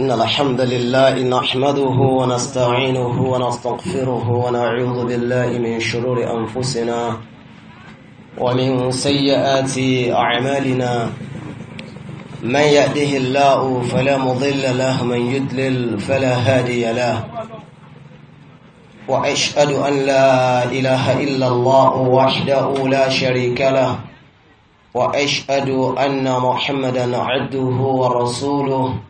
إن الحمد لله نحمده ونستعينه ونستغفره ونعوذ بالله من شرور أنفسنا ومن سيئات أعمالنا من يأده الله فلا مضل له من يدلل فلا هادي له وأشهد أن لا إله إلا الله وحده لا شريك له وأشهد أن محمدا عبده ورسوله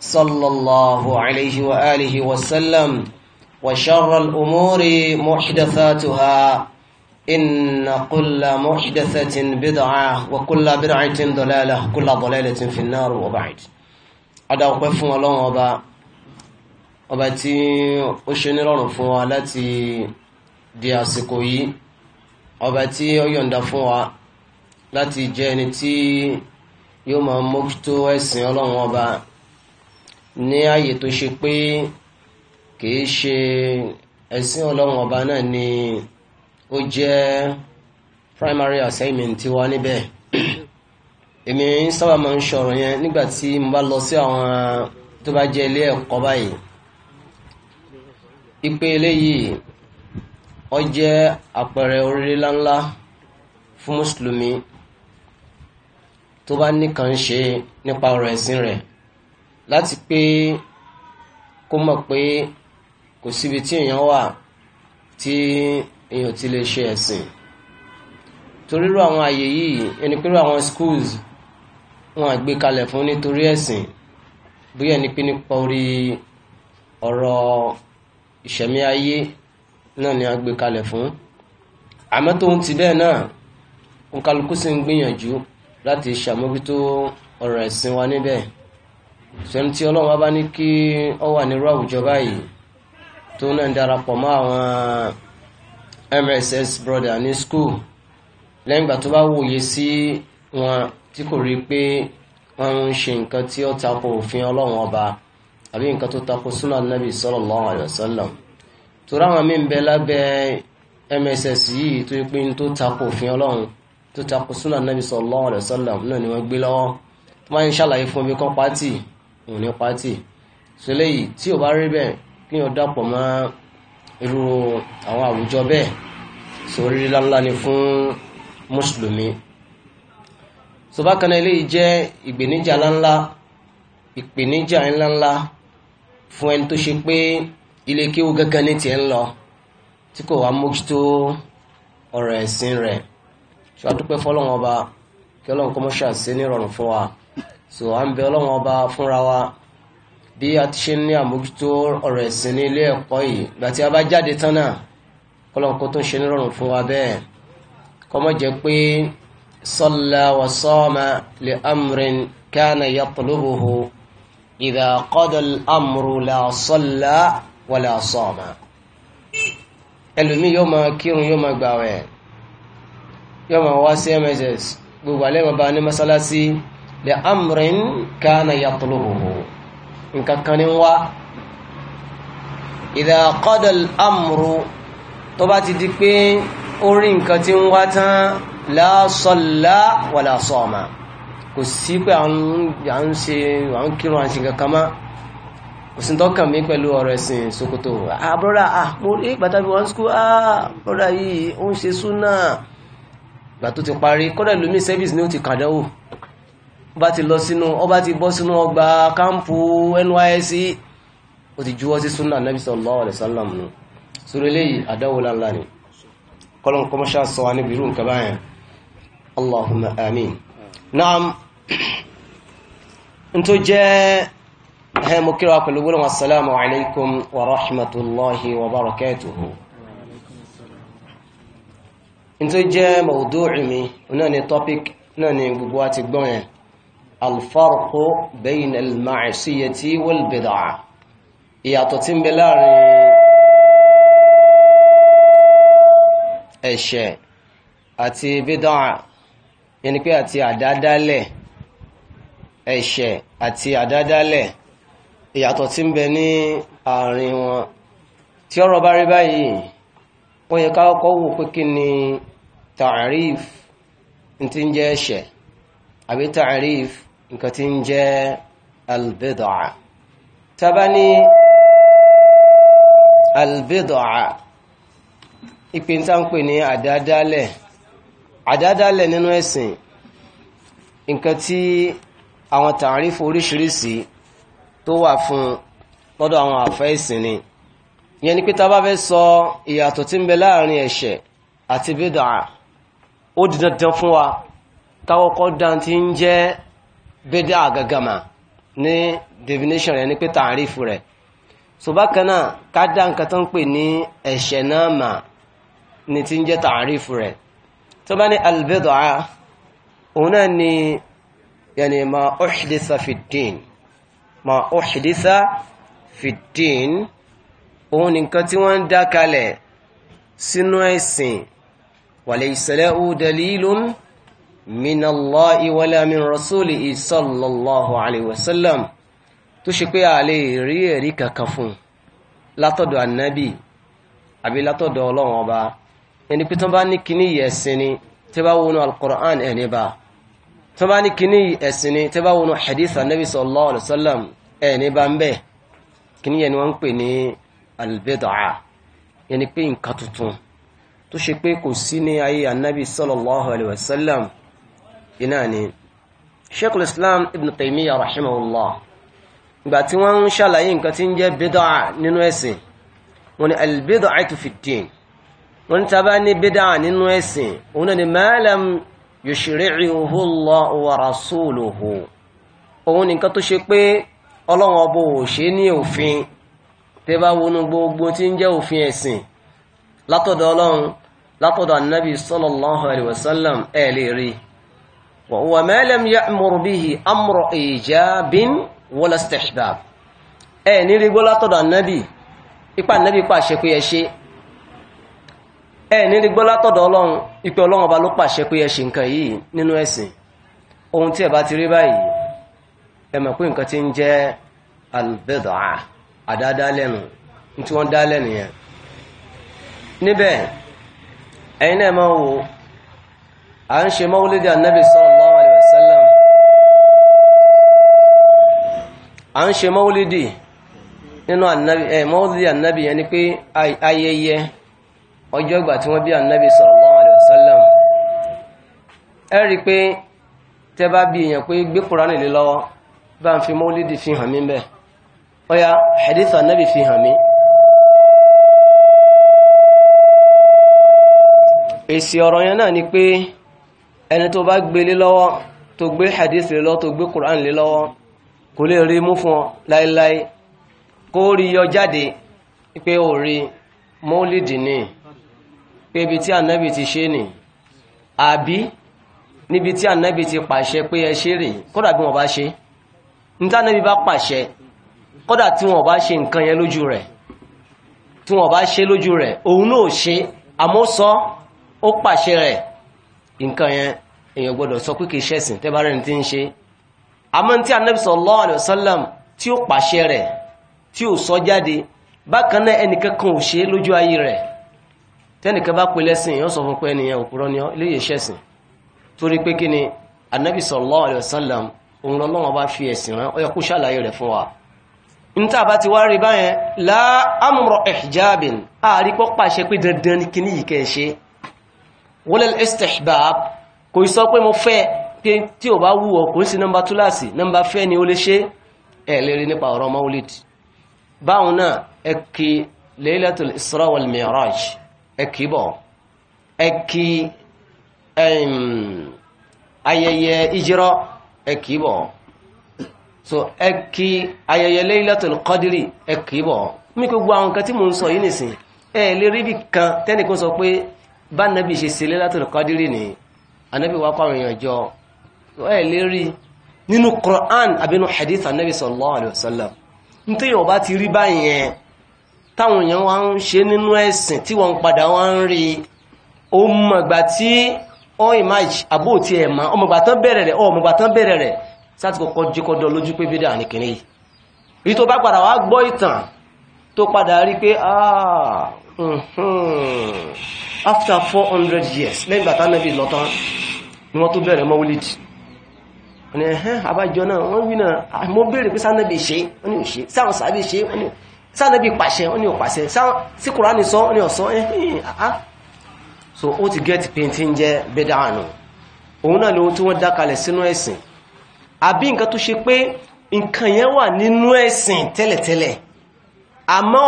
صلى الله عليه وآله وسلم وشر الأمور محدثاتها إن كل محدثة بدعة وكل بدعة ضلالة كل ضلالة في النار وبعد هذا وقف الله وبا ọba tí ó ṣe nírọ̀rùn fún wa láti di àsìkò yìí ọba tí ó yọ̀ǹda fún wa láti jẹ́ ẹni tí yóò máa mójútó ẹ̀sìn ọlọ́run ọba ní ààyè tó ṣe pé kìí ṣe ẹ̀sìn ọlọ́run ọba náà ni ó jẹ́ primary assignment tiwa níbẹ̀ èmi sábà máa ń sọ̀rọ̀ yẹn nígbà tí mo bá lọ sí àwọn tó bá jẹ́ ilé ẹ̀kọ́ báyìí ipe eléyìí ó jẹ́ àpẹẹrẹ oríire láńlá fún mùsùlùmí tó bá nìkan ṣe nípa ọ̀rọ̀ ẹ̀sìn rẹ̀ láti pé kó mọ̀ pé kò síbi tí èèyàn wà tí èèyàn ti lè ṣe ẹ̀sìn torí irú àwọn àyè yìí ẹni pé àwọn schools wọn àgbé kalẹ̀ fún nítorí ẹ̀sìn bóyá ẹni pé nípa orí ọ̀rọ̀ ìṣẹ̀mí ayé náà ni a gbé kalẹ̀ fún àmọ́ tóun ti bẹ́ẹ̀ náà òǹkàlùkù sì ń gbìyànjú láti ṣàmójútó ọ̀rọ̀ ẹ̀sìn wa níbẹ̀ sẹ́ni tí ọlọ́run bá ní kí ọ wà nírú àwùjọ báyìí tó náà ń darapọ̀ mọ́ àwọn MSS brother ní school lẹ́yìn ìgbà tó bá wòye sí wọn tí kò rí pé wọ́n ń ṣe nǹkan tí ó tako òfin ọlọ́run ọba àbí nǹkan tó tako súnà nàbì sallallahu alaihi wasallam torí àwọn míì ń bẹ lábẹ́ MSS yìí tó yẹ pé tó tako òfin ọlọ́run tó tako súnà nàbì sallallahu alaihi wasallam náà ni wọ́n gbé lọ́wọ́ tó máa ń ṣàlàyé fún mi kan pátì òun ní pátì so léyìí tí ò bá rí bẹ́ẹ̀ kí wọ́n dàpọ̀ mọ́ irú àwọn àwùjọ bẹ́ẹ̀ so rí lánlá ni fún mùsùlùmí so bákan náà eléyìí jẹ́ ìgbèníjà ńláńlá ìpèníjà ńláńlá fún ẹni tó ṣe pé ilé kéwú gángan ní tiẹ̀ ń lọ tí kò wá mójútó ọ̀rọ̀ ẹ̀sìn rẹ̀ ṣùgbọ́n a dúpẹ́ ọba kí ọlọ́run kọ́mọ́ṣà sí nírọ̀rùn fún wa so à ń bẹ ọlọ́wọ́n ọba fúnra wa bí a ti ṣe ní àmójútó ọ̀rọ̀ ẹ̀sìn ní ilé ẹ̀kọ́ yìí gbà tí a bá jáde tán náà kọ́lọ́nkó tó ń ṣe nírọ̀rùn fún wa bẹ́ẹ̀ kọ́mọ́ jẹ́ pé salla wa sama li amrin kana yatlubuhu idha qada al-amru la salla wa la sama ẹlòmí yóò máa kírun yóò máa gbàwẹ̀ yóò máa wá sí mss gbogbo alẹ́ mọ̀ bá ní mọ́sálásí lè amrin kana yatlubuhu nǹkan kan ní wá idha qada al-amru tó bá ti di pé ó rí nǹkan tí ń wá tán la salla wala sama kò sí pé à ń ṣe à ń kírun àṣì kankan mọ́ kò sí tọ́kàn mi pẹ̀lú ọ̀rọ̀ ẹ̀sìn Sokoto ah broda ah mo rí bàtà bí wọ́n skú ah broda yìí ó ń ṣe súnà gbà tó ti parí kódà lómi service ni ó ti kàdánwò ọba ti lọ sínú ọba ti bọ́ sínú ọgbà kámpù NYSC ó ti juwọ́ sí súnà nàbí sallallahu alaihi wasallam nù sórí eléyìí àdáwò láńlá ni kọ́lọ́n kọ́mọ́ṣá sọ wa níbi irú nǹkan báyẹn Allahumma amin naam n tó jẹ́ ẹ̀hẹ́ mo pẹ̀lú gbọ́dọ̀ assalamu alaikum wa rahmatullahi wa barakatuhu n tó jẹ́ mawdu'i mi náà ni topic náà ni gbogbo wa ti gbọ́n yẹn الفرق بين المعصية والبدعة يعطتين بلاري الشيء أتي بدعة يعني كي أتي عدادة له الشيء أتي عدادة له يعطتين بني àárín wọn tí ọ̀rọ̀ bá rí báyìí ó yẹ ká kọ́kọ́ wò pé kí ni ta'arif tí ń jẹ́ ẹ̀ṣẹ̀ àbí ta'arif nǹkan tí ń jẹ́ albidaa tàbá ní albidaa ìpè ń tán pè ní àdádálẹ̀ àdádálẹ̀ nínú ẹ̀sìn nǹkan tí àwọn tàrífù oríṣiríṣi tó wà fún lọ́dọ̀ àwọn àfẹ́ ìsìn ni ìyẹn ni pé tá a bá sọ ìyàtọ̀ tí ń bẹ láàrin ẹ̀ṣẹ̀ àti bídà ó di fún wa káwọ́kọ́ dá ti ń jẹ́ bídíà gàgàmà ní definition rẹ̀ ní pé tààrífù rẹ̀ so bákan náà ká dá nǹkan tó ń pè ní ẹ̀ṣẹ̀ náà mà ní ti ń jẹ́ tààrífù rẹ̀ tó bá ní albid'a òun náà ni yẹni ma uhdisa fi ddin ma uhdisa fi òun nìkan tí wọ́n ń dá kalẹ̀ sínú ẹ̀sìn wa laysa lahu dalilun min Allahi wala min rasulihi sallallahu alayhi wa sallam tó ṣe pé a lè rí ẹ̀rí kankan fún látọ̀dọ̀ ànábì àbí látọ̀dọ̀ ọlọ́run ọba ẹni pé tó bá ní kíní ẹ̀sìn ni tí bá wọnú al-Qur'an ẹni bá tó bá ní kíní ẹ̀sìn ni tí bá wọnú hadith ànábì sallallahu alayhi wa sallam ẹni bá ń bẹ̀ kíní yẹn ni wọ́n ń pè ní al-bid'ah yẹni pé nǹkan tuntun tó ṣe pé sallallahu alayhi wa iná ni sheikhul islam ibn taymiyyah rahimahullah ìgbà tí wọ́n ń ṣàlàyé nǹkan tí ń jẹ́ bid'a nínú ẹ̀sìn wọ́n ní albid'atu fi ddin wọ́n ní taba ní bid'a nínú ẹ̀sìn òun náà ni ma lam yushri'uhu Allahu wa rasuluhu òun nìkan tó ṣe pé ọlọ́run ọbọ̀ ò ṣe ní òfin tẹ́ bá wọnú gbogbo tí ń jẹ́ òfin ẹ̀sìn látọ̀dọ̀ ọlọ́run látọ̀dọ̀ annabi sallallahu alaihi wasallam ẹ̀ lè rí i وهو ما لم يأمر به أمر إيجاب ولا استحباب ẹ ní rí gbọ́ ipa ànábì pàṣẹ pé ẹ ṣe ẹ ní rí gbọ́ látọ̀dọ̀ ọlọ́run ipa ọlọ́run ọba ló pàṣẹ pé ẹ ṣe nǹkan ohun tí ẹ bá ti rí báyìí ẹ mọ̀ pé nǹkan ti ń jẹ́ albeda àdáadá lẹ́nu tí wọ́n dá lẹ́nu yẹn níbẹ̀ ẹ̀yin a ń ṣe mọ́wúlídì nínú mọ́wúlídì annabi yẹn ni pé ayẹyẹ ọjọ́ ìgbà tí wọ́n bí annabi sallallahu rí i pé tẹ́ bá pé gbé fi mọ́wúlídì fi hàn hadith ànábì fi èsì ọ̀rọ̀ yẹn náà ni pé ẹni tó bá gbé hadith lé lọ́wọ́ tó gbé kò lè rí mú fún ọ láíláí kó rí yọ jáde pé ó rí mọ́lìdì ní pé ibi tí ànábì ti ṣe nì àbí níbi tí ànábì ti pàṣẹ pé ẹ ṣe rè kódà bí wọn bá ṣe níta ànábì bá pàṣẹ kódà tí wọn bá ṣe nǹkan yẹn lójú rẹ̀ tí wọn bá ṣe lójú rẹ̀ òun náà ṣe àmọ́ sọ ó pàṣẹ rẹ̀ nǹkan yẹn èèyàn gbọ́dọ̀ sọ pé kì í ṣẹ̀sìn tẹ́ bá rẹ̀ ní ti ń ṣe àmọ́ tí anabi sallallahu alayhi wa sallam tí ó pàṣẹ rẹ̀ tí ó sọ jáde bákan náà ẹnìkan kan ò ṣe lójú ayé rẹ̀ tẹ́nìkan bá pè lẹ́sìn yóò sọ fún pé ẹnìyàn òpùrọ́ ni iléyè ṣẹ̀sìn torí pé kí ni anabi sallallahu alayhi òun lọ́wọ́ bá fi ẹ̀sìn rán ó yẹ ṣàlàyé rẹ̀ fún wa níta bá ti wá rí báyẹn la amru ihjabin ààrí pọ́ pàṣẹ pé dandan ni kíní yìí kẹ́ ṣe wala al istihbab kò sọ pé mo fẹ́ pé tí ò bá wúwọ kò sí nọ́mbà túláàsì nọ́mbà fẹ́ ni ó lè ṣe ẹ̀ lérí nípa ọ̀rọ̀ maulid báwọn náà ẹ kí Laylatul Isra wal Mi'raj ẹ kì ayẹyẹ ìjírọ́ ẹ so ẹ kí ayẹyẹ Laylatul Qadri ẹ kì í bọ̀ mí gbogbo àwọn nǹkan tí mò ń sọ yìí nìsín ẹ lè rí ibì kan tẹ́nìkan sọ pé bá nàbì ṣe ṣe Laylatul Qadri ni anabi wa kọ́ àwọn èèyàn ẹ̀ lérí nínú Qur'an àbínú hadith anabi sallallahu alayhi wa sallam ní tí yóò bá ti rí báyẹn táwọn èèyàn wá ń ṣe nínú ẹ̀sìn tí wọ́n padà wá ń rí o tí on image àbó ọmọgbà tán bẹ̀rẹ̀ rẹ̀ ọmọgbà tán bẹ̀rẹ̀ rẹ̀ sáti kọ́kọ́ jíkọ́dọ̀ lójú pé ah, mhm, after four years lẹ́yìn lọ́tán ni wọ́n tó bẹ̀rẹ̀ mọ́wúlìdì ní ẹ̀hẹ́ àbájọ náà wọ́n wí náà ah, mo béèrè pé sánàbí ṣe wọ́n ní ò ṣe sáwọn sàábí ṣe wọ́n ní sánàbí pàṣẹ wọ́n ní pàṣẹ sí kùránì sọ wọ́n ní ọ̀sọ́ ẹ̀hìn àá so ó ti gẹ́ẹ̀tì pẹ̀ntì ń jẹ́ bẹ́dà àánú òun náà lóhun tí wọ́n dá kalẹ̀ sínú ẹ̀sìn àbí nǹkan tó ṣe pé nǹkan yẹn wà nínú ẹ̀sìn tẹ́lẹ̀tẹ́lẹ̀ àmọ́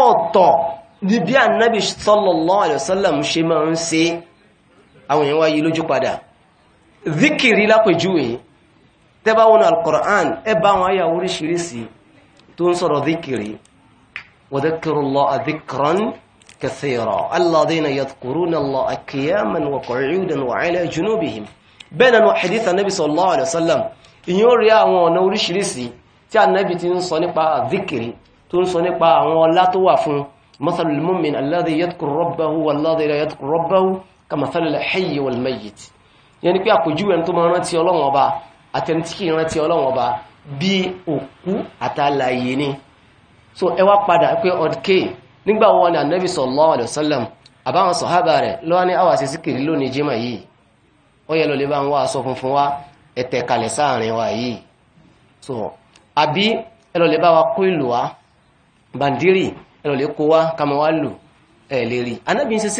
ọ̀tọ̀ tẹ́bá wọn alkùrán ẹ bá wọn ayà oríṣiríṣi tó ń sọ̀rọ̀ díkìrì wàdíkìrùlọ àdíkìrán kẹsìrọ̀ aládéna yàtkùrún allah akiyaman wa kọ̀rìúdan wa ala junubihim bẹ́ẹ̀ nanu hadith anabi sallallahu alaihi wasallam ìyẹn ó rí àwọn ọ̀nà oríṣiríṣi tí anabi ti ń sọ nípa díkìrì tó ń sọ nípa àwọn ọlá tó wà fún masalul mumin aládé tó máa rántí ọlọ́wọ́n ọba àtẹntíkì ìrántí ọlọ́run ọba bí òkú àtàlàyé ni so ẹ wá padà pé ọdkẹ́ nígbà wọn ni anabi sallallahu alayhi wa sallam àbáwọn sọ̀hábà rẹ̀ lọ́wọ́ ní àwọn àṣẹsíkiri lónìí jimá yìí ó yẹ lọ́lẹ́ bá ń wá aṣọ funfun wá so àbí ẹ lọ́lẹ́ bá wa kó ìlú wa bàndírì ẹ lọ́lẹ́ kó wa kàmọ́ wa lù ẹ lè rí anabi ń ṣe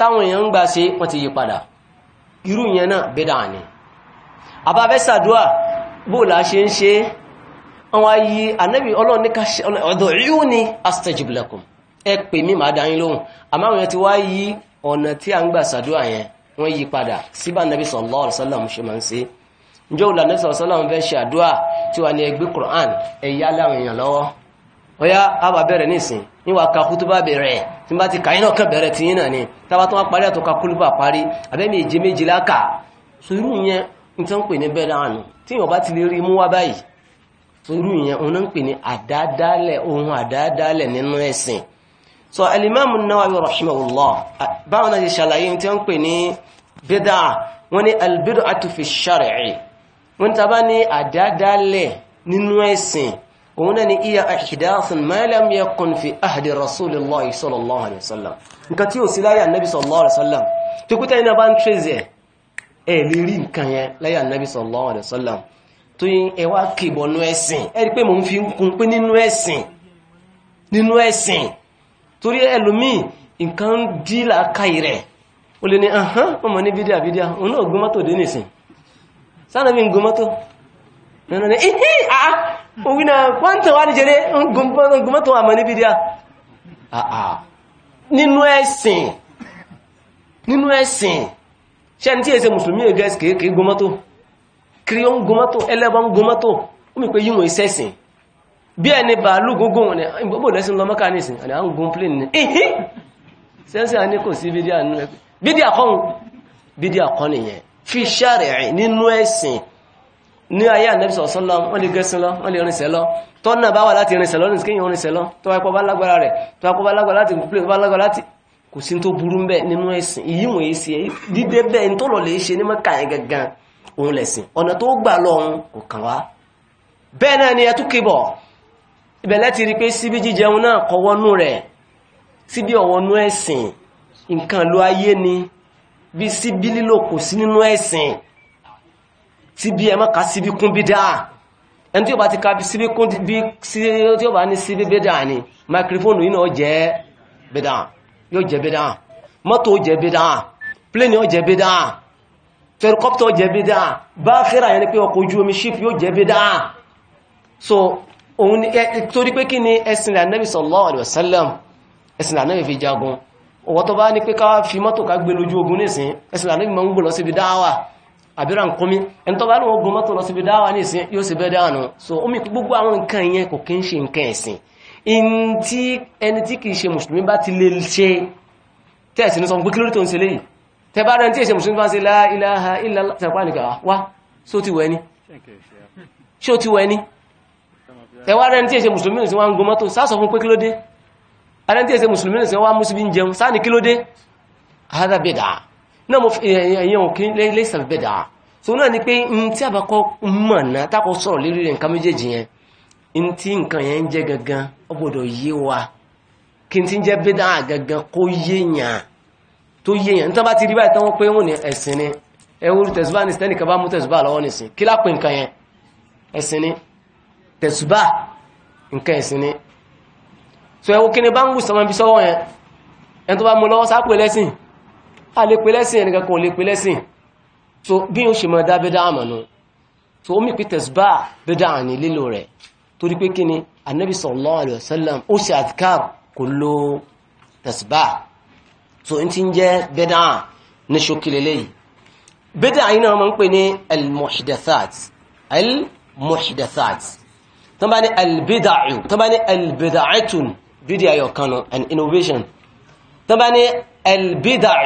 táwọn èèyàn ń gbà ṣe wọ́n ti yí padà irú yẹn náà bẹ́ẹ̀ ni àbáfẹ́ sàdúà bóòlà ṣe ń ṣe àwọn ayé anábì ọlọ́run ní káṣẹ ọ̀dọ̀ ríú ni astajib lakum ẹ pè mí màá dáyín lóhùn àmọ́ àwọn yẹn ti wá yí ọ̀nà tí a ń gbà sàdúà yẹn wọ́n yí padà síbà nàbì sallallahu alaihi wasallam ṣe máa ń ṣe Qur'an ẹ̀yà láwọn èèyàn lọ́wọ́ ọ̀yá àbà bẹ̀rẹ̀ nísìn níwà ka kútúbà bẹ̀rẹ̀ tí bá ti ni tábà tó wá parí àtọ́ka kúlùbà parí abẹ́mi èjì méjì láka sùúrù yẹn tí wọ́n ń pè ní bẹ́ẹ̀ náà nù tí èèyàn bá ti lè rí mú wá báyìí torú ìyẹn òun náà ń pè ní àdádálẹ̀ ohun àdádálẹ̀ nínú ẹ̀sìn so alimami Nawawi rahimahullah báwọn náà ti ṣàlàyé tí wọ́n ń pè ní bídà wọ́n ní albid'atu fi shar'i wọ́n ta bá ní àdádálẹ̀ nínú ẹ̀sìn òun náà ni iya ahdathun ma lam yakun fi ahdi rasulillahi sallallahu alaihi wasallam nǹkan tí ò sí láyé ànábì sallallahu alaihi wasallam tó kúta iná bá ń tírèzì ẹ̀ lè rí nǹkan yẹn láyé ànábì sallallahu alaihi wasallam tó yín ẹ wá kìbọ̀ nú ẹ̀sìn ẹ rí pé mò ń fi kún pé nínú ẹ̀sìn nínú ẹ̀sìn torí ẹlòmíì nǹkan ń dí làákàyè rẹ̀ O lè ní ahán ọmọ ní bídíà bídíà òun náà gbé mọ́tò dé nìsín sáà mi ń gbé mọ́tò nínú ah, ní ihí àá òwúnà pọ́ntàn wà ní jẹ́rẹ́ ń gbé mọ́tò àmọ́ ní bídíà àà ah, ah. nínú ẹ̀sìn nínú ẹ̀sìn ṣe ẹni tí èsẹ mùsùlùmí ẹgẹ́ kèékèé gomọ́tò kìrìyàn gomọ́tò ẹlẹ́bọn gomọ́tò ó mi pé yíwọ̀n ìṣẹ́sìn bí ẹni bàálù gógún ní gbogbo lẹ́sìn lọ mọ́ká ní ìsìn àwọn gun plane ní ìhín sẹ́nsẹ́ àní kò sí bídíà nínú ẹgbẹ́ bídíà kọ́ bídíà kọ́ nìyẹn fi ṣàrẹ̀ nínú ẹ̀sìn ní ayé ànẹ́bìsọ̀ ọ̀sán lọ wọ́n lè gẹ́sìn lọ wọ́n lè rinṣẹ́ lọ tọ́nà bá wà láti rinṣẹ́ lọ nìsíkẹ́yìn rinṣẹ́ lọ tọ́wọ́ ẹ̀pọ̀ bá lágbára rẹ̀ tọ́wọ́ ẹ̀pọ̀ bá lágbára láti kò sí tó burú bẹ́ẹ̀ nínú ẹ̀sìn ìyí wọ̀nyí sí ẹ dídé bẹ́ẹ̀ ní tó lọ lè ṣe ní mọ́kà yẹn gangan òun lẹ̀sìn ọ̀nà tó gbà lọ́hun kò kàn wá bẹ́ẹ̀ náà ni ẹ tún kébọ̀ ibẹ̀ láti rí pé síbí jíjẹun náà kọwọ́nú rẹ̀ síbí ọ̀wọ́nú ẹ̀sìn ni bí síbí lílò kò sí nínú ẹ̀sìn síbí ẹ mọ́ka síbí kún bí dáa ẹni tí ó bá ti ka síbí kún bí tí ó bá ní síbí bí dáa ni máikrófóònù yìí náà jẹ́ bí yóò jẹ́ bídá mọ́tò jẹ́ bídá pléni ọjẹ́ bídá fẹ́rùkọ́pítọ̀ jẹ́ bídá báàkírà yẹn ni pé ọkọ̀ ojú omi ship yóò jẹ́ bídá so òun ni torí pé kí ni ẹ̀sìn Ànábì sallallahu alaihi wasallam ẹ̀sìn Ànábì fi jagun ọwọ́ tó bá ní pé ká fi mọ́tò ká gbé lójú ogun nísìn ẹ̀sìn Ànábì máa ń gbò lọ síbi dáwà àbíra nkúmi ẹni tó bá lóun ogun mọ́tò lọ síbi dáwà nísìn yóò sì bẹ́ dáhànù so omi gbogbo àwọn nǹkan yẹn kò kí ń ṣe nǹkan ẹ̀sìn in tí ẹni tí kìí ṣe mùsùlùmí bá ti lè ṣe tẹ́ẹ̀sì ní sọ pé kí lórí tó ń ṣe léyìí tẹ́bá rẹ̀ tí èṣe mùsùlùmí bá ń ṣe láìláha ìlàlá tẹ́pá nìkan wá só ti wẹ́ni ṣé ó ti wẹ́ni tẹ́wá rẹ̀ tí èṣe mùsùlùmí ní sí wọ́n ń gomọ́ tó sásọ fún pé kí ló dé rẹ̀ tí èṣe ah, mùsùlùmí ní sí wọ́n mùsùlùmí ń jẹun sáà ní kí ló dé ahádà bẹ̀dà náà mo fi ẹ̀yẹ̀ òkè lẹ́sàn bẹ̀dà so náà ni pé n tí àbákọ́ mọ̀ náà tákọ̀ sọ̀rọ̀ lérí rẹ̀ nǹkan méjèèjì yẹn ntí nǹkan yẹn ń jẹ́ gangan ó gbọ́dọ̀ yé wa kí n ti ń jẹ́ bídà gangan kó yéèyàn tó yéèyàn nítorí bá ti rí báyìí tán wọ́n pé wọ́n ní ẹ̀sìn ni ẹ̀wọ́n tẹ̀sùbá ní sẹ́nì kan bá mú tẹ̀sùbá lọ́wọ́ nìsín kí lápè nǹkan yẹn ẹ̀sìn ni tẹ̀sùbá nǹkan ẹ̀sìn ni so ẹ̀wọ́n kí ni bá ń wù sọmọ ibi sọ́wọ́ yẹn ẹni tó bá mú lọ́wọ́ sápè lẹ́sìn a lè pè lẹ́sìn ẹnìkan kan ò lè pè lẹ́sìn so bí o ṣe mọ̀ dá bídà àmọ̀ nu so omi pé tẹ̀sùbá bídà ní lílò rẹ̀ torí pé kí ni anabi sallallahu alayhi wa sallam ó ṣe adhkar kò lo tasbah so n ti ń jẹ́ bẹ́dà ní ṣókìlẹ̀ lẹ́yìn bẹ́dà yìí náà máa ń pè ní al-muhdathat tó bá ní al-bid'ah tó bá ní al-bid'atun bídíà yọ kan nù an innovation tó bá ní al-bid'ah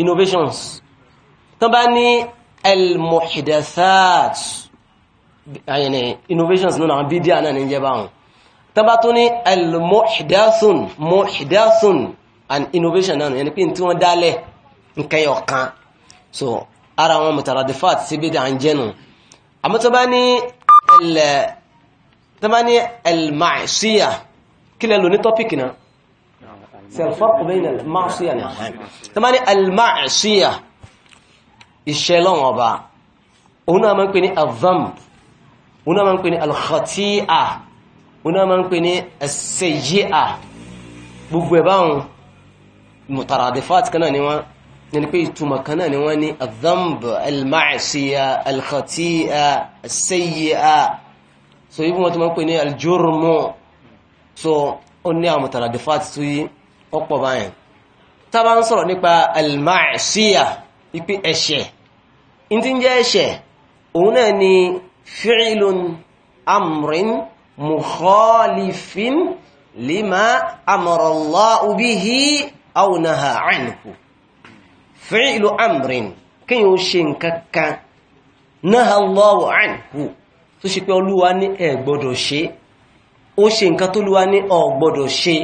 innovations tó bá ní al-muhdathat àyẹ̀nẹ̀ innovations nínú àwọn bídíà náà ní jẹ́ báwọn tọ́bá tó ní al-muhdathun muhdathun and innovation náà yẹn pé tí wọ́n dálẹ̀ nkẹyẹ ọ̀kan so ara wọn mutaradifat sí bídíà ń jẹ́nu àmọ́ tọ́bá ní tọ́bá ní al-ma'siyah kí lẹ́lò ní tọ́pìkì náà al-farq bayna al-ma'siyah ni tọ́bá ní al-ma'siyah ìṣẹ́lọ́wọ̀n òun náà máa ń ní azamb wọn náà máa ń pè ní alkhati'a wọn náà máa ń pè ní as-sayyi'a gbogbo ẹ̀ báwọn mutaradifat kan náà ni wọ́n nínú pé ìtumọ̀ kan náà ni wọ́n ní adhamb alma'asiya alkhati'a as-sayyi'a so ibi wọn ti máa ń pè ní aljurmu so ó ní àwọn mutaradifat tó yí ọ̀pọ̀ báyìí tá bá ń sọ̀rọ̀ nípa alma'asiya ipe ẹ̀ṣẹ̀ فعل أمر مخالف لما أمر الله به أو نهى عنه فعل أمر كي يوشين ككا نهى الله عنه tó ṣe pé olúwa ní ẹ gbọ́dọ̀ ṣe ó ṣe nǹkan tó lúwa ní ọ gbọ́dọ̀ ṣe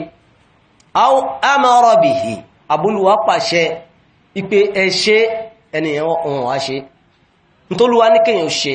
amọ́rọ̀bìhì abúlúwa pàṣẹ ipe ẹ ṣe ẹnìyàn ọ̀hún wá ṣe tó lúwa ní kéèyàn ṣe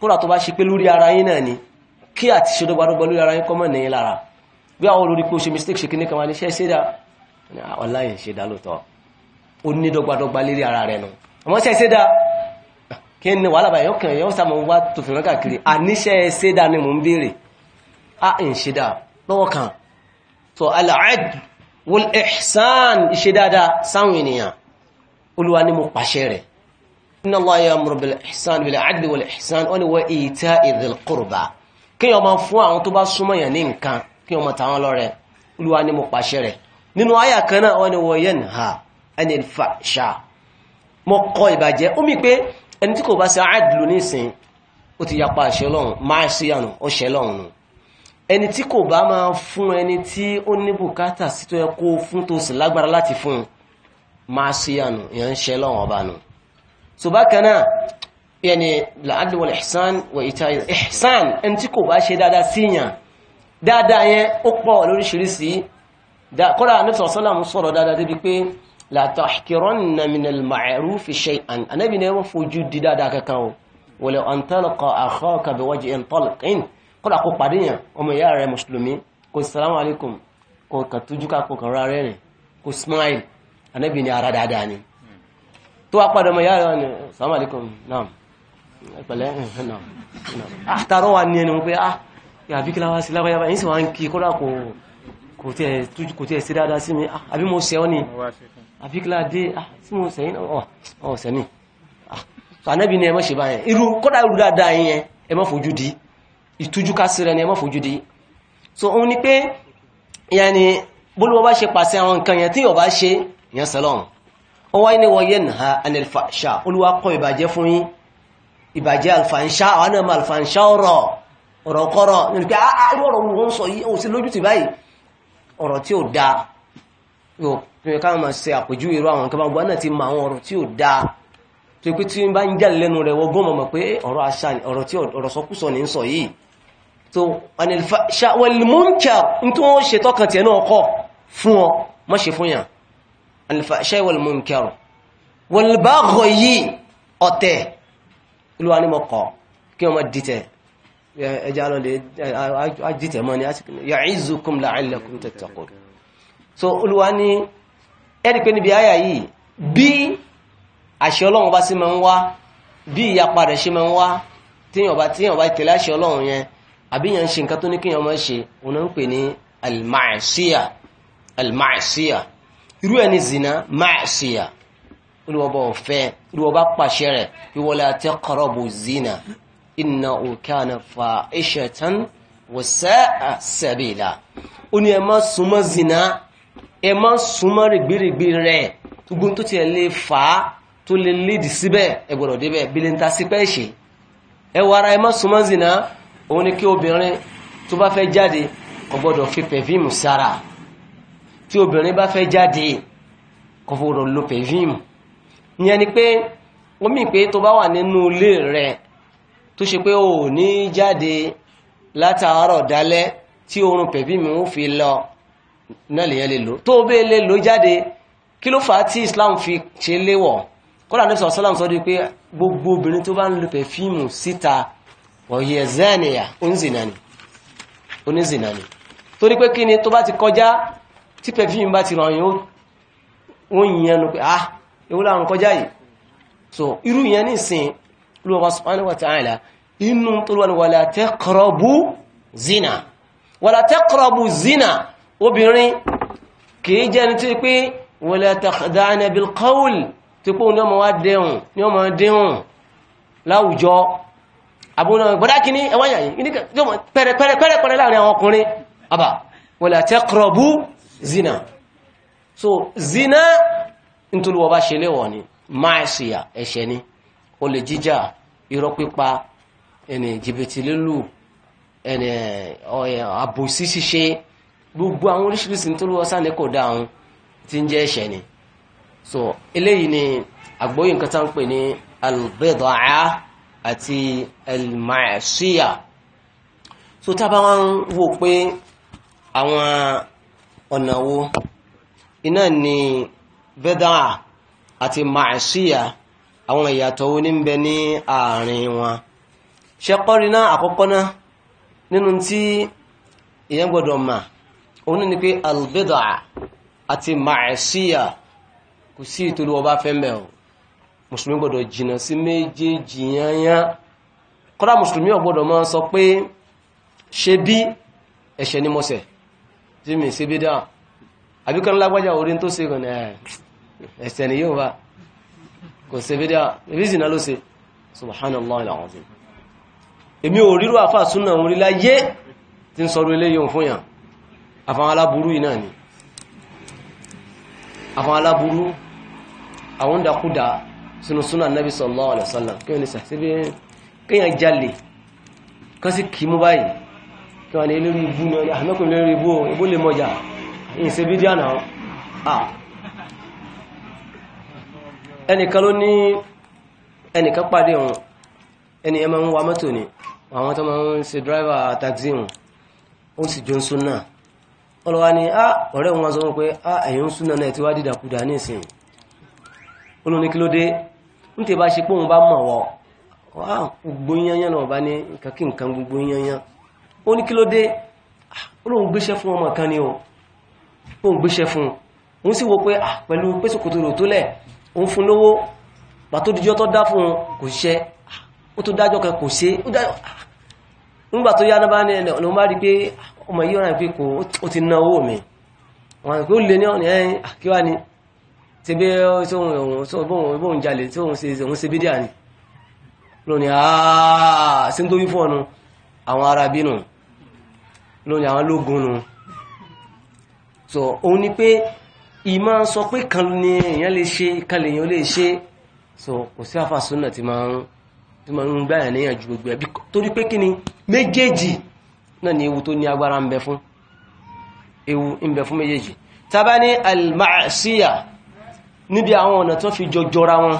kódà tó bá ṣe pé lórí ara yín náà ni kí àti ṣe dọ́gbadọ́gba lórí ara yín kọ́mọ̀ nìyí lára bí àwọn olórí pé o ṣe mistake ṣe kíní kan wá ní ṣe ṣe dá ọláyìn ah, ṣe dá lóòótọ́ ó ní dọ́gbadọ́gba lérí ara rẹ̀ nù àmọ́ ṣe ṣe dá kí ni wàhálà báyìí ó kàn sàmọ́ wá tòfin rán káàkiri àníṣe ṣe dá ni mò ń béèrè a ah, ń ṣe dá lọ́wọ́ kan tó al-'adl wal-ihsan ìṣe dáadáa sáwọn ènìyàn inna Allah ya'muru bil ihsan bil adli wal ihsan wọ́n ni wa ita'i dhil qurba kí wọ́n máa fún àwọn tó bá súnmọ́ yàn ní nǹkan kí wọ́n máa ta wọ́n lọ́rẹ olúwa ni mo pàṣẹ rẹ̀ nínú àyà kan náà wọ́n ni wa yanha 'anil fahsha mo kọ ìbàjẹ́ ó mi pé ẹni tí kò bá ṣe àdìlú nísìn ó ti yapa àṣẹ Ọlọ́run máa ṣe yànù ó ṣẹ lọ́run nù ẹni tí kò bá máa fún ẹni tí ó ní bùkátà sí tó yẹ fún tó sì lágbára láti fún máa ṣe yànù ìyẹn so bákan náà yẹni la'adlu wal ihsan wa ita'i ihsan ẹni tí kò bá ṣe dáadáa síyàn dáadáa yẹn ó pọ̀ lóríṣiríṣi kọ́ra ní sọ̀sọ́lá mú sọ̀rọ̀ dáadáa débi pé la tahkiranna minal ma'rufi shay'an anábì ní wọ́n fojú di dáadáa kankan o wala an talqa akhaka biwajhin talqin kọ́ra kó pàdé yàn ọmọ ìyá rẹ̀ mùsùlùmí kò alaikum kò kàtújú ká kò kàn rárẹ̀ smile anábì ní ara dáadáa ni tó wá padà mọ̀ yá rẹ̀ ni salamu alaikum naam ẹ̀pẹ̀lẹ́ naam ah, wà ní ẹni wọ́n pé ah yàbí kí láwá sí lábáyábá yìí sì wá ń kí kódà kò tí ẹ̀ sí dáadáa sí mi ah, àbí mo sẹ́ ọ́ ni àbí kí láà dé ah, sí mo sẹ́yìn ọ̀ sẹ́ni ànábì ni ẹ má ṣe báyẹn irú kódà irú dáadáa yẹn ẹ so òun ni pé yẹn ni bólúwọ́ bá ṣe pàṣẹ àwọn nǹkan yẹn wọ́n wáyé ní wọ́n yanha anil fahsha olúwa kọ́ ìbàjẹ́ fún yín ìbàjẹ́ alfàǹṣá àwọn náà máa alfàǹṣá ọ̀rọ̀ ọ̀rọ̀ kọ́rọ̀ nínú pé àárú ah, ah, ọ̀rọ̀ wọn sọ yìí òsì lójú ti báyìí ọ̀rọ̀ tí ó da yóò káwọn máa ṣe àpèjú irú àwọn nǹkan gbọ́n náà ti mọ àwọn ọ̀rọ̀ tí ó da tó pé tí bá ń jà lẹ́nu rẹ̀ wọ́n gbọ́n mọ̀ pé ọ̀rọ̀ àṣà ọ̀rọ̀ tí ọ̀rọ̀ sọkúsọ ní sọ yìí tó anil fahsha wal munkar ní tó ń ṣe tọkàn tiẹ̀ náà kọ̀ fún ọ má ṣe fún yàn alfàṣẹ wàlmùnkẹrù wàlbáàgọ̀ yìí ọ̀tẹ̀ olúwa ní mọ̀kọ̀ kí wọ́n dìtẹ̀ ẹjá lọ lè dìtẹ̀ mọ́ ní ya'izukum la'allakum tattaqun so olúwa ní ẹ̀rí pé níbi àyà yìí bí àṣẹ ọlọ́run bá sí máa ń wá bí ìyapa rẹ̀ ṣe máa ń wá tíyàn bá tíyàn bá tẹ̀lé àṣẹ ọlọ́run yẹn àbí yẹn ń ṣe nǹkan tó ní kíyàn máa ṣe òun náà ń pè ní al-ma'siyah al-ma'siyah irú ẹni zina máṣíyà olùwọ́bọ̀ ọ̀fẹ́ olùwọ́bá pàṣẹ rẹ̀ wala taqrabu zina innahu kana fa'ishatan wa sa'a sabila ó ní ẹ má súnmọ́ zina ẹ má súnmọ́ rẹ̀gbẹ̀rẹ̀gbẹ̀ rẹ̀ gbogbo tó ti ẹ̀ lè fà á tó lè lédì síbẹ̀ ẹ gbọ́dọ̀ débẹ̀ bílẹ̀ ń ta sípẹ́ ṣe ẹ wara ẹ súnmọ́ zina òun ni kí obìnrin tó bá fẹ́ jáde kò fi pẹ̀fíìmù sára tí obìnrin bá fẹ́ jáde kò fòrò lo pẹ̀fíìmù ìyẹn ni pé omi pé tó bá wà nínú ilé rẹ tó ṣe pé o ò ní jáde látàárọ̀ dálẹ́ tí oorun pẹ̀fíìmù ó fi lọ náà lèyẹn lè lò tó o lè lò jáde kí ló fà á tí Islam fi ṣe léwọ̀ kọ́lá ní sọ̀sọ́làm sọ́dí pé gbogbo obìnrin tó bá ń lo pẹ̀fíìmù síta ọ̀yẹ̀ zẹ́nìyà oníṣìnà torí pé kí ni tó bá ti kọjá tí pẹ̀fíìmù bá ti rọ̀yìn ó yìnyẹn nù pé ah ewu láàrùn kọjá yìí so irú yẹn ní ìsìn lọ́wọ́ subhanahu wa ta'ala inú tó lọ́wọ́ wala taqrabu zina wala taqrabu zina obìnrin kìí jẹ́ ní tí pé wala takhda'na bil qawl tí pé ní ọmọ wa dẹ̀hùn ní ọmọ dẹ̀hùn láwùjọ abúlé gbọ́dá kìíní ẹwọ́n yàyí pẹ̀rẹ̀pẹ̀rẹ̀ láàrin àwọn ọkùnrin àbà wala taqrabu zina so zina nítorí wọ́n bá ṣe léwọ̀ ni máàṣìyà ẹ̀ṣẹ̀ ni olè jíjà irọ́ pípa ẹni jìbìtì lílù ẹni àbòsí ṣíṣe gbogbo àwọn oríṣiríṣi nítorí wọ́n sáà ní kò dáa ohun tí ń jẹ́ ẹ̀ṣẹ̀ ni so eléyìí ni àgbóyè nǹkan tá ń pè ní albidaa àti almaṣíyà so tá a bá wọn wò pé àwọn ọ̀nà wo iná ni bẹ́dàá àti màṣíyà àwọn ìyàtọ̀ wo ní ń bẹ ní àárín wọn ṣe kọ́rin náà àkọ́kọ́ náà nínú tí ìyẹn gbọ́dọ̀ mà òun ní pé albẹ́dàá àti màṣíyà kò sí ìtòlú ọba fẹ́mẹ̀ o Musulmi gbọ́dọ̀ jìnà sí méjèèjì yányá kọ́dá mùsùlùmí ò sọ pé ṣe bí ẹ̀ṣẹ̀ ni tí mi ṣe bí dáa àbíkan lágbájá orí tó ṣe gan eh, ẹ̀sẹ̀ ni yóò bá kò ṣe bí dáa ibi ìsìnà ló ṣe subhanallah alazim èmi ò ríru àfà súnà orí láyé tí ń sọ̀rọ̀ ilé yóò fún yàn àfàwọn aláburú yìí náà ni àfàwọn aláburú àwọn dákúdá sínú súnà nabi sallallahu alaihi wasallam kí ni sàṣẹ́bí kíyàn jalè kán sì kì í tó wà ní lórí ibú ní ọ̀nà àmẹ́kùn lórí ibú ibú lè mọ̀já ìṣẹ́ bí a náà à ẹnìkan ló ní ẹnìkan pàdé wọn ẹni ẹ ń wa mọ́tò ni àwọn tó máa ń ṣe taxi jọ ń súnà ọlọ́wà ni a ọ̀rẹ́ wọn sọ pé a ẹ̀yìn ń súnà náà ti wá dìdàkudà ní ìsìn olóní kí ló dé ń bá ṣe pé òun bá mọ̀ gbogbo ó ní kí ló dé olóhun ah, gbéṣẹ́ fún ọmọ kan ni o òun gbéṣẹ́ fún òun sì wo pé ah, pẹ̀lú pẹ́sòkòtò rò tó lẹ̀ òun fún lówó pàtó díjọ́ tó dá fún kò ṣiṣẹ́ ah, ó tó dájọ́ kan kò ṣe ó dájọ́ nígbà tó yá náà ní ọ̀nà bá rí pé ọmọ yìí ọ̀ràn pé kò ó ti ná owó mi wọn kò lè ní ọ̀nà ẹ̀yìn àkíwá ni ti bí ọ̀hún jalè tí òun ṣe bídíà ni lónìí àà sí ń tó wí fún ọ̀nà àwọn ará bínú lóyìn àwọn lógún nu so òun ni pé ìmọ̀ sọ pé kan ni èèyàn lè ṣe kan lè lè ṣe so kò sí àfàsúnà tí máa ń tí máa ń gbáyà níyàn ju gbogbo ẹbí torí pé kí ni méjèèjì náà ni ewu tó ní agbára ń bẹ fún ewu ń bẹ fún méjèèjì tábà ní almasiya níbi àwọn ọ̀nà tó fi jọjọra wọn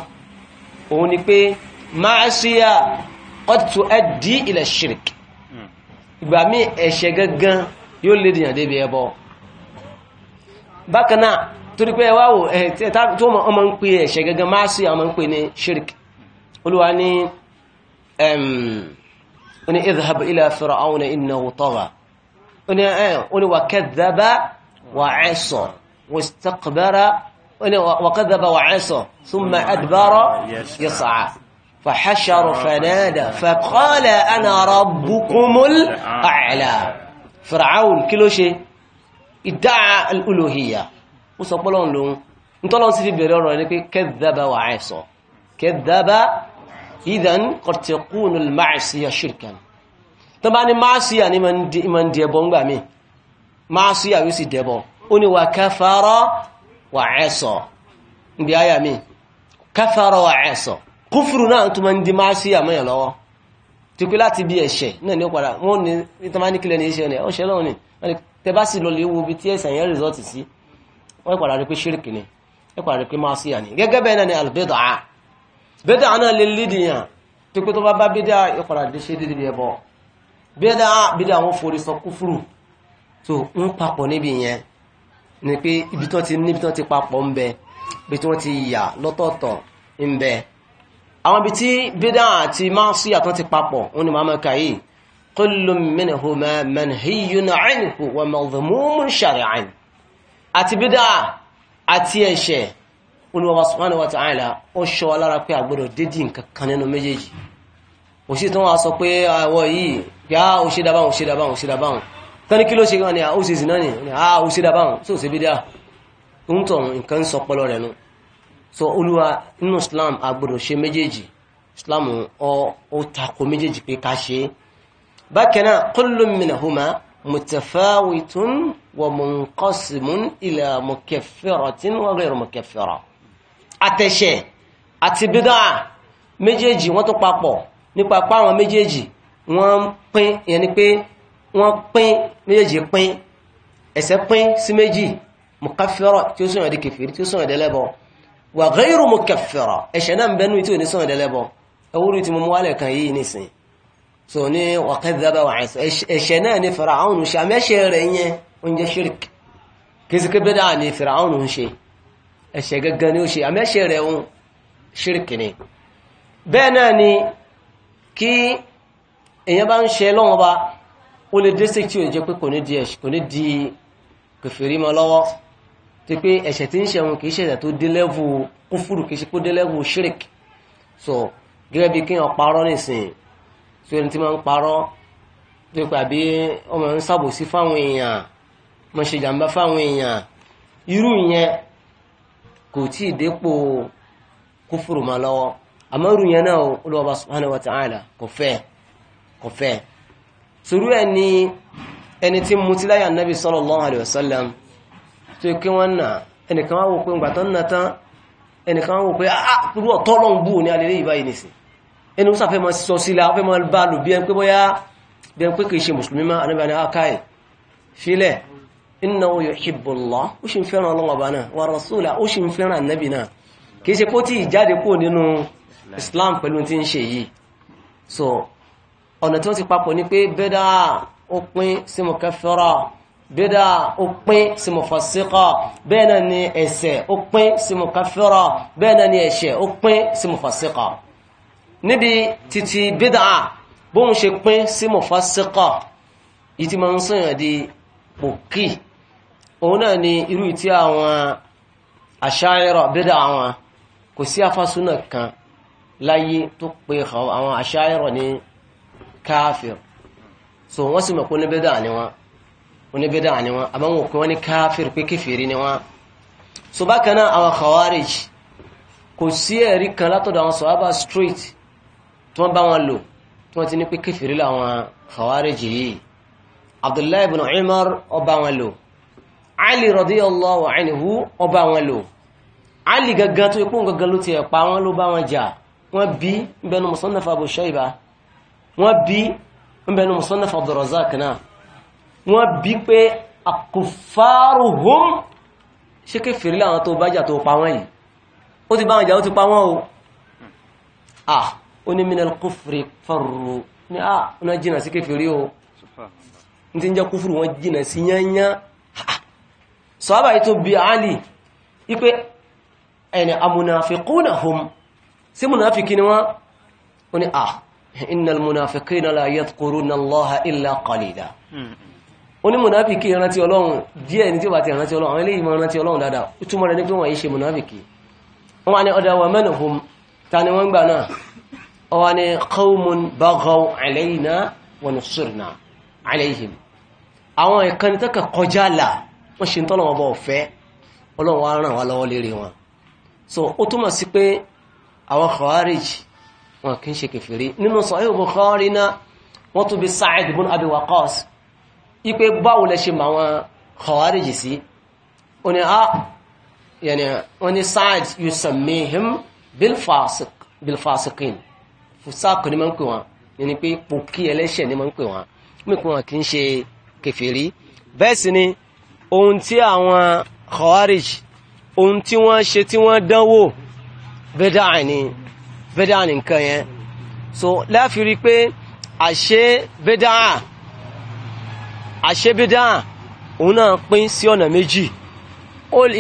òun ni pé maasiya qad tuaddi ila shirk ìgbà mí ẹ̀ṣẹ̀ gangan yóò lè dìyàn débi ẹbọ bákan náà torí pé ẹwà wò ẹ̀ tó ọmọ ń pè ẹ̀ṣẹ̀ gangan máa sí àwọn ọmọ ń pè ní shirk olúwa ní ẹni idhhab ila fir'auna innahu tagha ẹni فحشر فنادى فقال انا ربكم الاعلى فرعون kí ló ṣe ادعى الالوهيه ó sọ pọ́lọ́n lòun nítọ́lọ́n sí fi bẹ̀rẹ̀ ọ̀rọ̀ ní pé kẹ́dàbà wà àìsàn kẹ́dàbà ìdán kọ̀tẹ̀kùnù máàsíyà ṣìrkan tó bá ní máàsíyà ní ma ń dẹ̀bọ̀ ń gbà mí máàsíyà yóò sì dẹ̀bọ̀ ó ní wà kẹfàárọ̀ wà àìsàn ń bí áyà mí kẹfàárọ̀ wà àìsàn kúfùrù náà tó máa ń di máa sí àmọ́yàn lọ́wọ́ ti pé láti bí ẹ̀ṣẹ̀ náà ní ó padà wọ́n ní ìtàmá ní kílẹ̀ ní iṣẹ́ ọ̀nà ọ̀ṣẹ́ lọ́wọ́ ni wọ́n ni tẹ lọ lè wo bí tí ẹ̀sẹ̀ yẹn rìsọ́ọ̀tì sí wọ́n padà rí pé ṣírìkì ni wọ́n padà rí pé máa sí àní gẹ́gẹ́ ni àlùbẹ́dà bẹ́dà náà lè lídìyàn tó pé tó bá bá bídà yóò padà dé ṣe dídì bí ẹbọ bídà bídà wọn forí sọ kúfùrù tó ń ni pé ibi tó ti níbi tó ti àwọn ibi tí bídá àti máa sí àtún ti papọ̀ wọn ni máa mẹ́ka yìí kullun minhuma manhiyun anhu wa madhmumun shar'an àti bídá àti ẹ̀ṣẹ̀ olùwàwà subhanahu wa ta'ala ó ṣọ́ alára pé àgbọ̀dọ̀ dédì nǹkan kan nínú méjèèjì ò sí tó wọ́n sọ pé àwọ̀ yìí so olúwa nínú islam agbọ́dọ̀ ṣe méjèèjì islam ó takò méjèèjì pé ká ṣe bákan náà kullun minahuma mutafawitun wa munqasimun ila mukaffiratin wa ghayr mukaffira àtẹ̀ṣẹ̀ àti bídà méjèèjì wọ́n tó papọ̀ nípa pa àwọn méjèèjì wọ́n pín ìyẹn ni pé wọ́n pín méjèèjì pín ẹ̀ṣẹ̀ pín sí méjì mukaffira tí ó sọ̀rọ̀ di kèfèrí tí ó sọ̀rọ̀ di ẹlẹ́bọ wà ghayru mukaffira ẹ̀ṣẹ̀ náà ń bẹnu tí ò ní sọ̀rọ̀ dẹ́lẹ́bọ ẹwúrú tí mo mú wálẹ̀ kan yìí nìsín so ní wa kadhaba wà ẹ̀ṣẹ̀ náà ní Fir'aun ṣe àmẹ́ṣẹ̀ rẹ̀ yẹn oúnjẹ shirk kìsìkì bídà ní Fir'aun ń ṣe ẹ̀ṣẹ̀ gangan ni ó ṣe rẹ̀ ń shirk ni bẹ́ẹ̀ náà ni kí èèyàn bá ń ṣe lọ́wọ́ tí pé ẹ̀ṣẹ̀ tí ń ṣẹun kìí ṣẹ̀ṣẹ̀ tó dé lẹ́vù kúfùrù kìí ṣe kó dé lẹ́vù so gẹ́gẹ́ bí kí wọ́n parọ́ nìsín tí ẹni tí wọ́n ń parọ́ tó pé àbí ọmọ ń ṣàbòsí fáwọn èèyàn mọ ṣe jàǹbá fáwọn èèyàn irú yẹn kò tí ì dépò kúfùrù máa lọ́wọ́ àmọ́ irú yẹn náà olúwa subhanahu wa ta'ala kò fẹ́ kò fẹ́ sòrú ẹ̀ ni ẹni tí mutí láyà nàbì sallallahu alaihi wasallam tó yẹ kí wọ́n nà ẹnìkan wá wò pé ǹgbà tán nà tán ẹnìkan wò pé àpúrú ah, ah, ọ̀tọ́ lọ́n bú ní alẹ́lẹ́ ìbáyìí nìsìn ẹni ó sàfẹ́ ma sọ sílá ọfẹ́ ma bá lò bí ẹn pé bóyá bí ẹn pé kìí ṣe mùsùlùmí má anábìá ní akáì ah, filẹ̀ innahu yuhibbullah ó Islam pẹ̀lú tí ń so ọ̀nà tí wọ́n ti papọ̀ ni pé bẹ́dà ó pín sí mọ̀kẹ́fẹ́ràn bídá ó si mo mufassiqa bẹ́ẹ̀ náà ni ẹ̀ṣẹ̀ ó pín sí mukaffira bẹ́ẹ̀ náà ni ẹ̀ṣẹ̀ ó pín sí mufassiqa níbi títí bídá bóun ṣe pín sí mufassiqa yìí ti máa ń sọ̀yàn di pòkì òun náà ni irú tí àwọn àṣáyẹrọ bídá àwọn kò sí afásúnà kan láyé tó pé àwọn àṣáyẹrọ ní káfíìr so wọ́n sì mọ̀ pé ní bídá ni wọ́n oníbídà ni wọn àbáwọn òkú wọn ní káfíìrì pé kéfèrí ni wọn so bákan náà àwọn khawarij kò sí ẹ̀rí kan látọ̀dọ̀ àwọn sọ̀hábà street tí wọ́n bá wọn lò tí wọ́n ti ní pé kéfèrí làwọn khawarij yìí abdullahi ibn umar ọba wọn lò ali radiyallahu anhu ọba wọn lò ali gangan tó ikú gangan ló ti ẹ̀ pa wọn ló bá wọn jà wọn bí nbẹnu musannaf abu shayba wọn bí nbẹnu musannaf abdurrazak náà wọ́n bí pé àkùfáàrùhùn ṣe kéfèrí láwọn tó bájà tó pa wọ́n yìí ó ti bá wọn jà ó ti pa wọ́n o ah ó ní minal kúfèrí farru ní à wọ́n jìnà sí kéfèrí o ní ti ń jẹ́ kúfèrí wọ́n jìnà sí yányán sọ́ábà onímọ̀náfìkì rántí ọlọ́run díẹ̀ ní tí ó bá ti rántí ọlọ́run àwọn eléyìí máa rántí ọlọ́run dáadáa ó túmọ̀ rẹ̀ ní pé wọ́n yìí ṣe mọ̀náfìkì wọ́n wá ní ọ̀dà wa minhum ta ni wọ́n gbà náà wọ́n wá ní qawmun baghaw alayna wa nusirna tó so ó túmọ̀ sí pé àwọn khawarij wọn kì í ṣe kẹfìrí nínú Sahih Bukhari náà bí Sa'id bin Abi Waqqas ipe báwo lẹ ṣe mọ àwọn sí ó ní a ah, yẹni ó ní Sa'd yusammihim bilfasiq bilfasiqin fusaq ni máa ń pè wọn yẹni pé pòkí ẹlẹ́ṣẹ̀ ni ma ń pè wọn mí pé wọn kì í ṣe kèfèrí bẹ́ẹ̀ sì ni ohun tí àwọn khawarij ohun tí wọ́n ṣe tí wọ́n dánwò bẹ́dà ni nǹkan yẹn so láfi rí pé àṣé bẹ́dà àṣebídá òun náà pín sí ọ̀nà méjì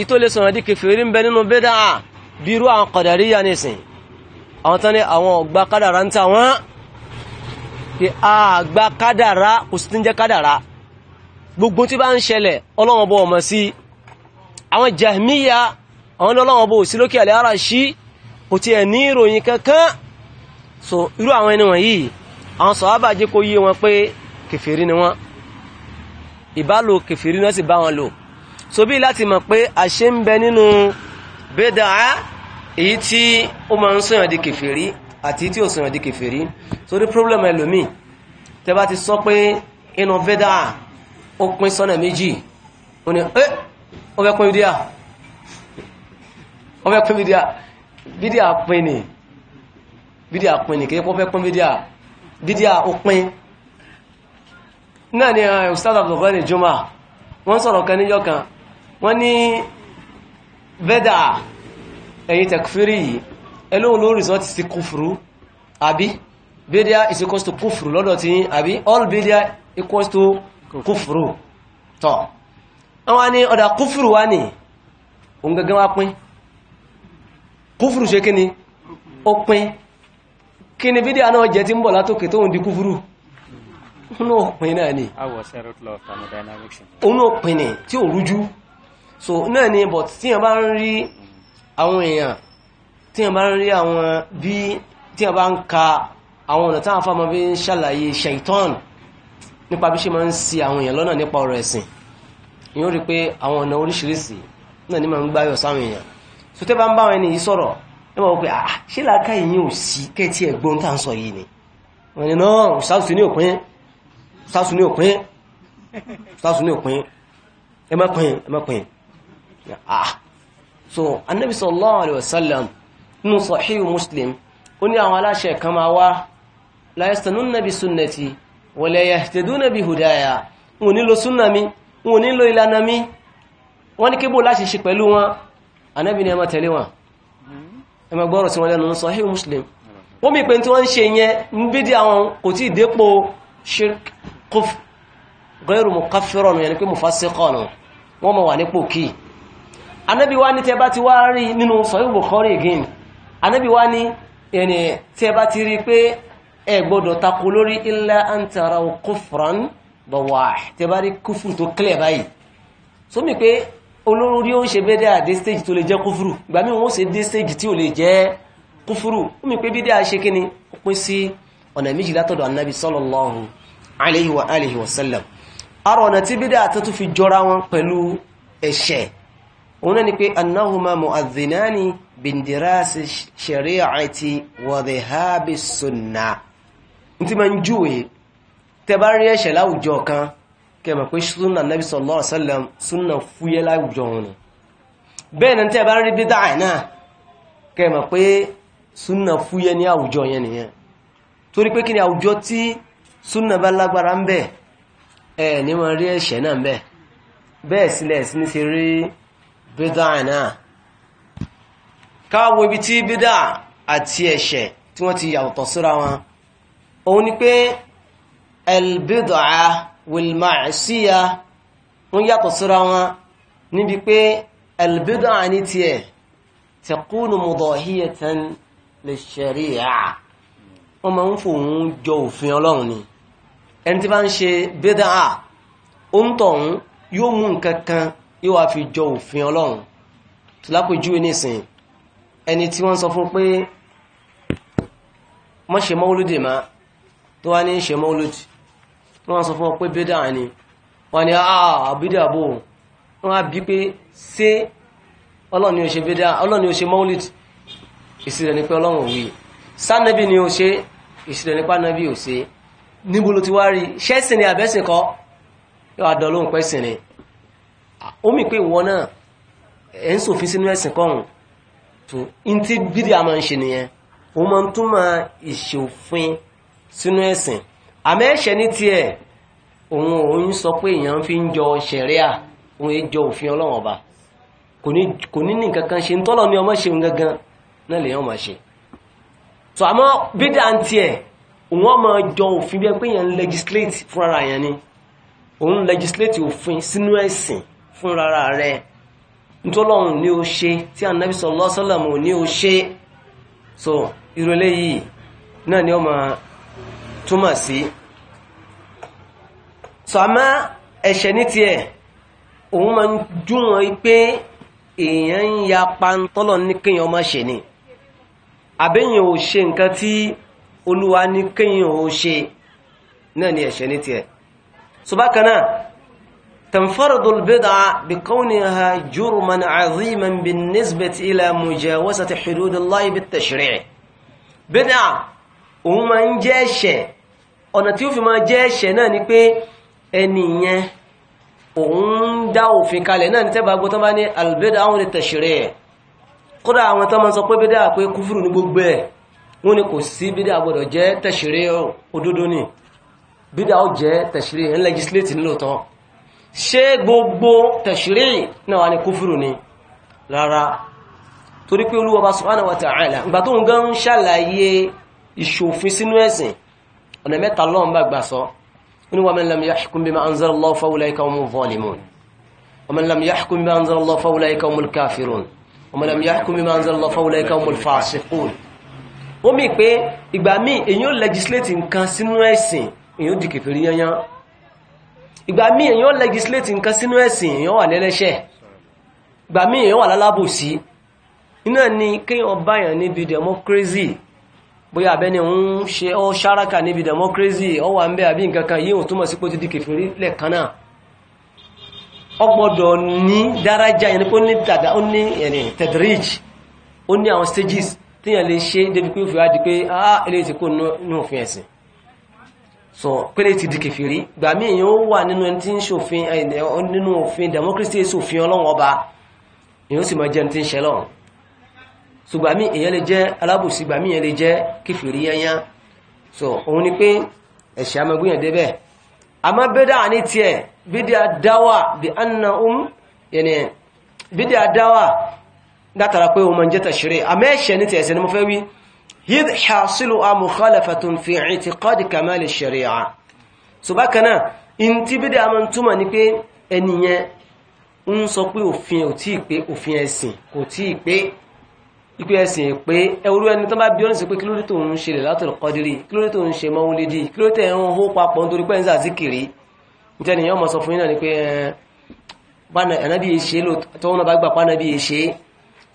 ìtò lè sọ̀rọ̀ di kèfèrí ń bẹ nínú bídá bí irú àwọn Qadariyya nìsìn àwọn tán ní àwọn ọ̀gbá kádàrá ń ta wọ́n pé àgbà kádàrá kò sí ti ń jẹ́ kádàrá gbogbo tí bá ń ṣẹlẹ̀ Ọlọ́run bọ̀ ọmọ sí àwọn Jahmiya àwọn Ọlọ́run bọ̀ sí lókè àlẹ́ ṣí kò tiẹ̀ ní ìròyìn kankan so irú àwọn ẹni wọ̀nyí àwọn sọ̀hábà jẹ́ kó yé wọn pé kèfèrí ni wọ́n ìbálò kẹfìrí náà sì bá wọn lò sobi láti mọ̀ pé àṣẹ ń bẹ nínú bẹ́dà èyí tí ó máa ń sọ̀yàn di kẹfìrí àti tí ò sọ̀yàn di kẹfìrí torí problem ẹlòmíì tẹ́ bá ti sọ pé inú bẹ́dà ó pín sọ́nà méjì ó ní ẹ́ eh, ó fẹ́ pín bídíà ó fẹ́ pín bídíà bídíà pín ni bídíà pín ni kí ó fẹ́ pín bídíà bídíà ó pín náà ni eh, Ustaz Abdulghani Juma wọ́n sọ̀rọ̀ kan níjọ́ kan wọ́n ní bẹ́dà ẹ̀yìn takfiri yìí ẹlóhun ló rìsọ́tì sí kúfùrú àbí bídíà is equals to kúfùrú lọ́dọ̀ tí àbí all bídíà equals to kúfùrú tọ́ àwọn ni ọ̀dà kúfùrú wá ní òun gangan wá pín kúfùrú ṣe kí kúfùrú òun náà pin náà ni òun náà pin ni tí ò rújú so náà ni but tí a bá ń rí àwọn èèyàn tí a bá ń rí àwọn bí tí a bá ń ka àwọn ọ̀nà táwọn afọ́mọ bí ń ṣàlàyé ṣaitan nípa bí ṣe máa ń si àwọn èèyàn lọ́nà nípa ọ̀rọ̀ ẹ̀sìn yóò rí pé àwọn ọ̀nà oríṣiríṣi náà ni máa ń gbáyọ̀ sáwọn èèyàn so tẹ́ bá ń bá àwọn ẹni yìí sọ̀rọ̀ ẹ máa wọ pé ah ṣé làákàyè yín ò sí kẹ́ẹ̀tì ẹ̀gbọ́n tá à ń sọ yìí ni wọ́n ní náà òṣàlùsí ní òpin sásù ní òpin sásù ní òpin ẹ má pin ah so anabi sallallahu alayhi wa sallam nínú sahih muslim ó ní àwọn aláṣẹ kan máa wá la yastanunna bi sunnati wa la yahtaduna bi hudaya wọn ní lo súnà mi wọn ní lo ìlànà mi wọ́n ní kébò láti ṣe pẹ̀lú wọn tí wọ́n ń ṣe yẹn ń bídí àwọn kò tí ì shirk kófù gairu mukaffirun yẹni pé mufassiqun wọ́n mọ̀ wà nípò kí anábi wá ní tẹ́ bá ti wá rí nínú Sahih Bukhari again anábi wá ní yẹni tẹ́ bá ti rí pé ẹ gbọ́dọ̀ takò lórí illa an taraw kufran bọ̀wàá tẹ́ bá rí kúfù tó clear báyìí sómi pé olórí ó ń ṣe bẹ́dẹ̀ àdé stage tó lè jẹ́ kúfùrù ìgbà mí wọ́n ṣe dé stage tí ò lè jẹ́ kúfùrù ó mi pé bídẹ́ àṣekíni ó pín sí ọ̀nà méjì látọ̀dọ̀ anábi sallallahu alayhi wa alihi wa sallam ara ọ̀nà tí bídá àtútù fi jọra wọn pẹ̀lú ẹ̀ṣẹ̀ òun ni pé annahuma mu'adhdhinani bindirasi shari'ati wa dhahabi sunna tí ma ń júwe tẹbá rí ẹ̀ṣẹ̀ láwùjọ kan kẹmọ̀ pé sunna nabi sallallahu alaihi wasallam sunna fúyẹ́ láwùjọ wọn bẹ́ẹ̀ ni tẹbá rí bídá náà kẹmọ̀ pé sunna fúyẹ́ ní àwùjọ yẹn nìyẹn torí pé kí ni àwùjọ tí súnà bá lágbára ń bẹ̀ ẹ ní wọn rí ẹ̀ṣẹ̀ náà ń bẹ̀ bẹ́ẹ̀ sílẹ̀ sí ní ti rí bídà náà káwọ ibi tí bídà àti ẹ̀ṣẹ̀ tí wọ́n ti yàtọ̀ síra wọn òun ni pé albídà wìlmáṣíyà wọ́n yàtọ̀ síra wọn níbi pé albídà ní tiẹ̀ tẹ̀kúnù mudahiyatan lishari'a wọ́n máa ń fòun jọ òfin ọlọ́run ni ẹni tí bá ń ṣe bídá à ó ń tọ̀hún yóò mú nǹkan kan yóò wá fi jọ òfin ọlọ́run tó lápèjúwe nísìn ẹni tí wọ́n sọ fún pé mọ́ ṣe mọ́wúlódì má tó wá ní ṣe mọ́wúlódì tó wọ́n sọ fún pé bídá ni wọ́n ni àbídà bò wọ́n á bí pé ṣé ọlọ́run ni ó ṣe bídá ọlọ́run ni ni pé ọlọ́run ò wí ni ó ṣe ìsirẹ̀ nípa náà ò ṣe níbo ti wá rí ṣẹ́sìn ni àbẹ́sìn kọ́ yóò adọ́ pẹ́sìn ni ó mì pé ìwọ náà ẹ̀ ń sòfin sínú ẹ̀sìn kọ́hùn tó ń tí bídí a máa ń ṣe nìyẹn ó máa ń túmọ̀ ìṣòfin sínú ẹ̀sìn àmọ́ ẹ̀ṣẹ̀ ní tiẹ̀ òun òun sọ pé èèyàn fi ń jọ ṣẹ̀ríà òun èè jọ òfin ọlọ́wọ́n ọba kò ní ní nǹkan kan ṣe ń tọ́lọ̀ ní ọmọ ṣeun gangan náà lèèyàn máa ṣe tó àmọ́ bídí à ń tiẹ̀ wọ́n máa jọ òfin bí ẹgbẹ́ yẹn ń legislate fúnra yẹn ni òun legislate òfin sínú ẹ̀sìn fúnra rẹ̀ ntọ́lọ́run ní o ṣe tí anabi sallallahu alaihi wasallam ní o ṣe so ìrọ̀lẹ́ yìí náà ni ó máa túmọ̀ sí so àmọ́ ẹ̀ṣẹ̀ ní tiẹ̀ òun máa ń júwọ̀n pé èèyàn ń ya pantọ́lọ̀ ní kéèyàn má ṣe ni àbẹ́yìn ò ṣe nǹkan tí olúwa ní kéyìn ò ṣe náà ni ẹ̀ṣẹ̀ ní tiẹ̀ so bákan náà تنفرد البدعة بكونها جرما عظيما بالنسبة إلى مجاوزة حدود الله بالتشريع بدعة وما نجاشة ọ̀nà tí ó fi máa jẹ́ ẹ̀ṣẹ̀ náà ni pé ẹni yẹn òun dá òfin kalẹ̀ náà ní tẹ́bà gbọ́tán bá ní albeda àwọn olè tẹ̀ṣẹ̀rẹ̀ kódà àwọn tán máa sọ pé bídá pé kúfùrù ní gbogbo ẹ̀ wọ́n ní kò sí bídá gbọ́dọ̀ jẹ́ tẹ̀ṣeré òdodo ni bídá ó jẹ́ tẹ̀ṣeré ń lẹ́gísílétì nílòótọ́ ṣé gbogbo tẹ̀ṣeré náà wà ní kúfùrù ni rárá torí pé olúwa subhanahu wa ta'ala ìgbà tó ń gan ń ṣàlàyé ìṣòfin sínú ẹ̀sìn ọ̀nà mẹ́ta lọ́n bá gbà sọ ó ní wa man lam yahkum bima anzala Allahu fa ulaika humuz zalimun wọ́n mì pé ìgbà míì èyàn legislate nǹkan sínú ẹ̀sìn èyàn di kèfèrí yányán ìgbà míì èyàn legislate nǹkan sínú ẹ̀sìn èyàn wà lẹ́lẹ́ṣẹ̀ ìgbà míì èyàn wà lálábòsí iná ni kéèyàn báyàn níbi democracy bóyá abẹ́ni ń ṣe ọ́ ṣáraka níbi democracy ọ wà ń bẹ́ àbí nǹkankan yíò túnmọ̀ sí pé ti di kèfèrí lẹ́ẹ̀kan náà ọ gbọ́dọ̀ ní ni pé ó ní tẹ̀dríj ó ní àwọn stages tíyàn lè ṣe débi pé òfin àdí pé ah eléyìí ti kó nínú òfin ẹ̀sìn so pélé ti di kèfèrí gbà mí èèyàn ó wà nínú ẹni tí ń ṣòfin nínú òfin democracy èso òfin ọlọ́run ọba èèyàn ó sì máa jẹ́ ẹni tí ń ṣẹ so gbà mí èèyàn lè jẹ́ alábòsí gbà mí èèyàn lè jẹ́ kèfèrí yányá so òun ni pé ẹ̀ṣẹ̀ amagbéyàn débẹ̀ àmọ́ bídà ní tiẹ̀ bídà dáwà bí anna um yẹn bídà dáwà látara pé wọn jẹ́ tàṣírí àmẹ́ṣẹ́ ní tẹ̀ẹ̀sẹ̀ ni mo fẹ́ wí yíd ṣàṣìlò amùkọ́lẹ̀fẹ̀tún fi i'tiqadi kamali ṣẹ̀ríà ṣùgbákaná in ti bídẹ̀ a máa túmọ̀ ní pé ẹniyẹn ń sọ pé òfin ò tí ì pé òfin ẹ̀sìn kò tí ì pé ipe ẹ̀sìn pé ẹwúrú ẹni tó bá bí ọ́nà sí pé kílódé tó ń ṣe Lailatul Qadri kílódé tó ń ṣe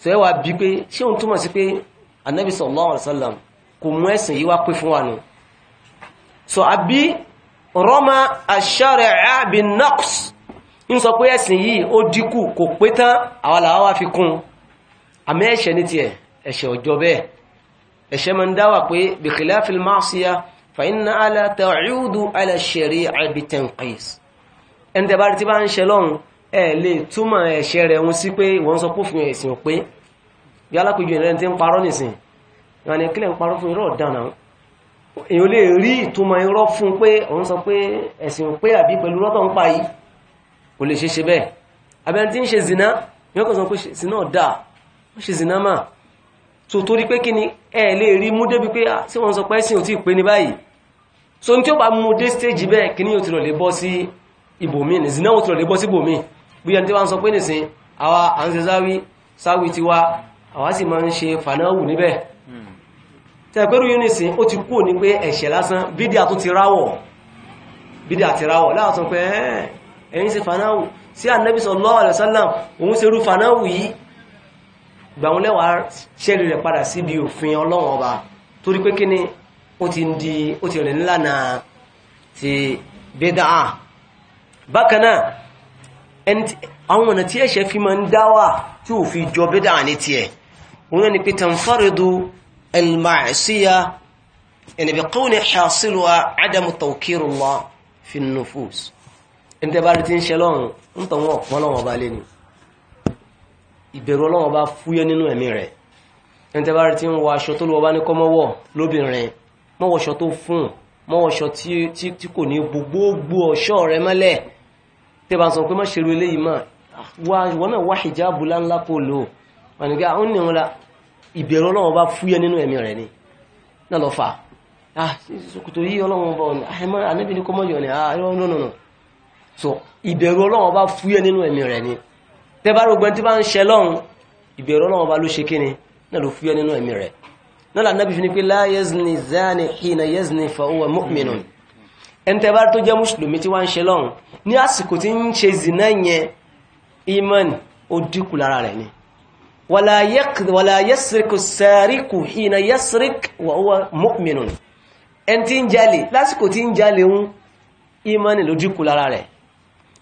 sọ ẹ wá bí pé ṣé òun túmọ̀ sí pé anabi sallallahu alaihi wasallam kò mú ẹ̀sìn yìí wá pé fún wa ni sọ àbí rọ́mà ash-shari'a bin-naqs ń sọ pé ẹ̀sìn yìí ó dínkù kò pé tán àwọn làwọn wá fi kún àmì ẹ̀ṣẹ̀ ní tiẹ̀ ẹ̀ṣẹ̀ ọjọ́ bẹ́ẹ̀ ẹ̀ṣẹ̀ ẹ lè túmọ̀ ẹ̀ṣẹ̀ rẹ̀ wọn sí pé wọ́n sọ pófin ẹ̀sìn pé bí alápèjọ ìrẹ́ ti ń parọ́ nìsín ìwà ni kílẹ̀ ń parọ́ fún irọ́ ọ̀daràn èyí ò lè rí ìtumọ̀ irọ́ fún pé òun sọ pé ẹ̀sìn pé àbí pẹ̀lú rọ́tọ̀ ń pa yìí kò lè ṣeéṣe bẹ́ẹ̀ abẹ́ni tí ń ṣe zina yóò kàn sọ pé zina ọ̀dà ó ṣe zina mà tó torí pé kí ni ẹ lè rí mú débi pé ah, tí wọ́n sọ pé ẹ̀sìn ò tí ì pé ní báyìí so ní tí ó bá mú dé stage bẹ́ẹ̀ kí ni yóò ti lọ lè bọ́ sí ibòmíì zina ò ti lọ lè bọ́ sí ibòmíì bí ẹni tí wọ́n sọ pé nìsín àwa à ń ṣe sáwí sáwí ti wá àwa sì máa ń ṣe fanáwù níbẹ̀ tẹ̀pẹ́rú yìí nìsín ó ti kú ní pé ẹ̀ṣẹ̀ lásán bídíà tó ti ráwọ̀ bídíà ti ráwọ̀ láàtọ̀ pé ẹ̀yìn ṣe fanáwù sí ànábì sallallahu alaihi wasallam òun ṣe rú ti ń di àwọn ọ̀nà tí ẹ̀ṣẹ̀ fi máa ń dá wà tí ò fi jọ bídà ní tiẹ̀ wọn ni pé tanfaridu al-ma'siya ẹni bí qawli hasiluha adamu tawkirullah fi nufus ẹni tẹ́ bá rí ti ń ṣe lọ́run ń tàn wọ́n ọ̀pọ̀ lọ́wọ́ ọba lé ni ìbẹ̀rù ọlọ́wọ́ bá fúyẹ́ nínú ẹ̀mí rẹ̀ ẹni tẹ́ bá rí tí bá sọ pé má ṣerú eléyìí mà wọ́n náà wá hijabu láńlá kó lò wọ́n ni ah, ó ní wọn la ìbẹ̀rù ọlọ́wọ́n bá fúyẹ́ nínú ẹ̀mí rẹ̀ ni náà lọ fà á ah, ṣòkòtò yí ọlọ́wọ́n bá ah, ọ̀nà àìmọ́ ànábì ní kọ́mọ́yọ̀ ni àìrọ́ nínú nù so ìbẹ̀rù ọlọ́wọ́n bá fúyẹ́ nínú ẹ̀mí rẹ̀ ni tẹ́ bá rògbọ́n tí bá ń ṣẹ lọ́hùn ìbẹ̀rù ẹntẹ́bá tó jẹ́ mùsùlùmí tí wá ń ṣe lọ́run ní àsìkò tí ń ṣe zìnà yẹn imani ó dínkù lára rẹ̀ ni wàlá yẹ́sìrìkù sàárìkù hìna yẹ́sìrìkù wà ó wà mu'minun ń jalè imani ló dínkù lára rẹ̀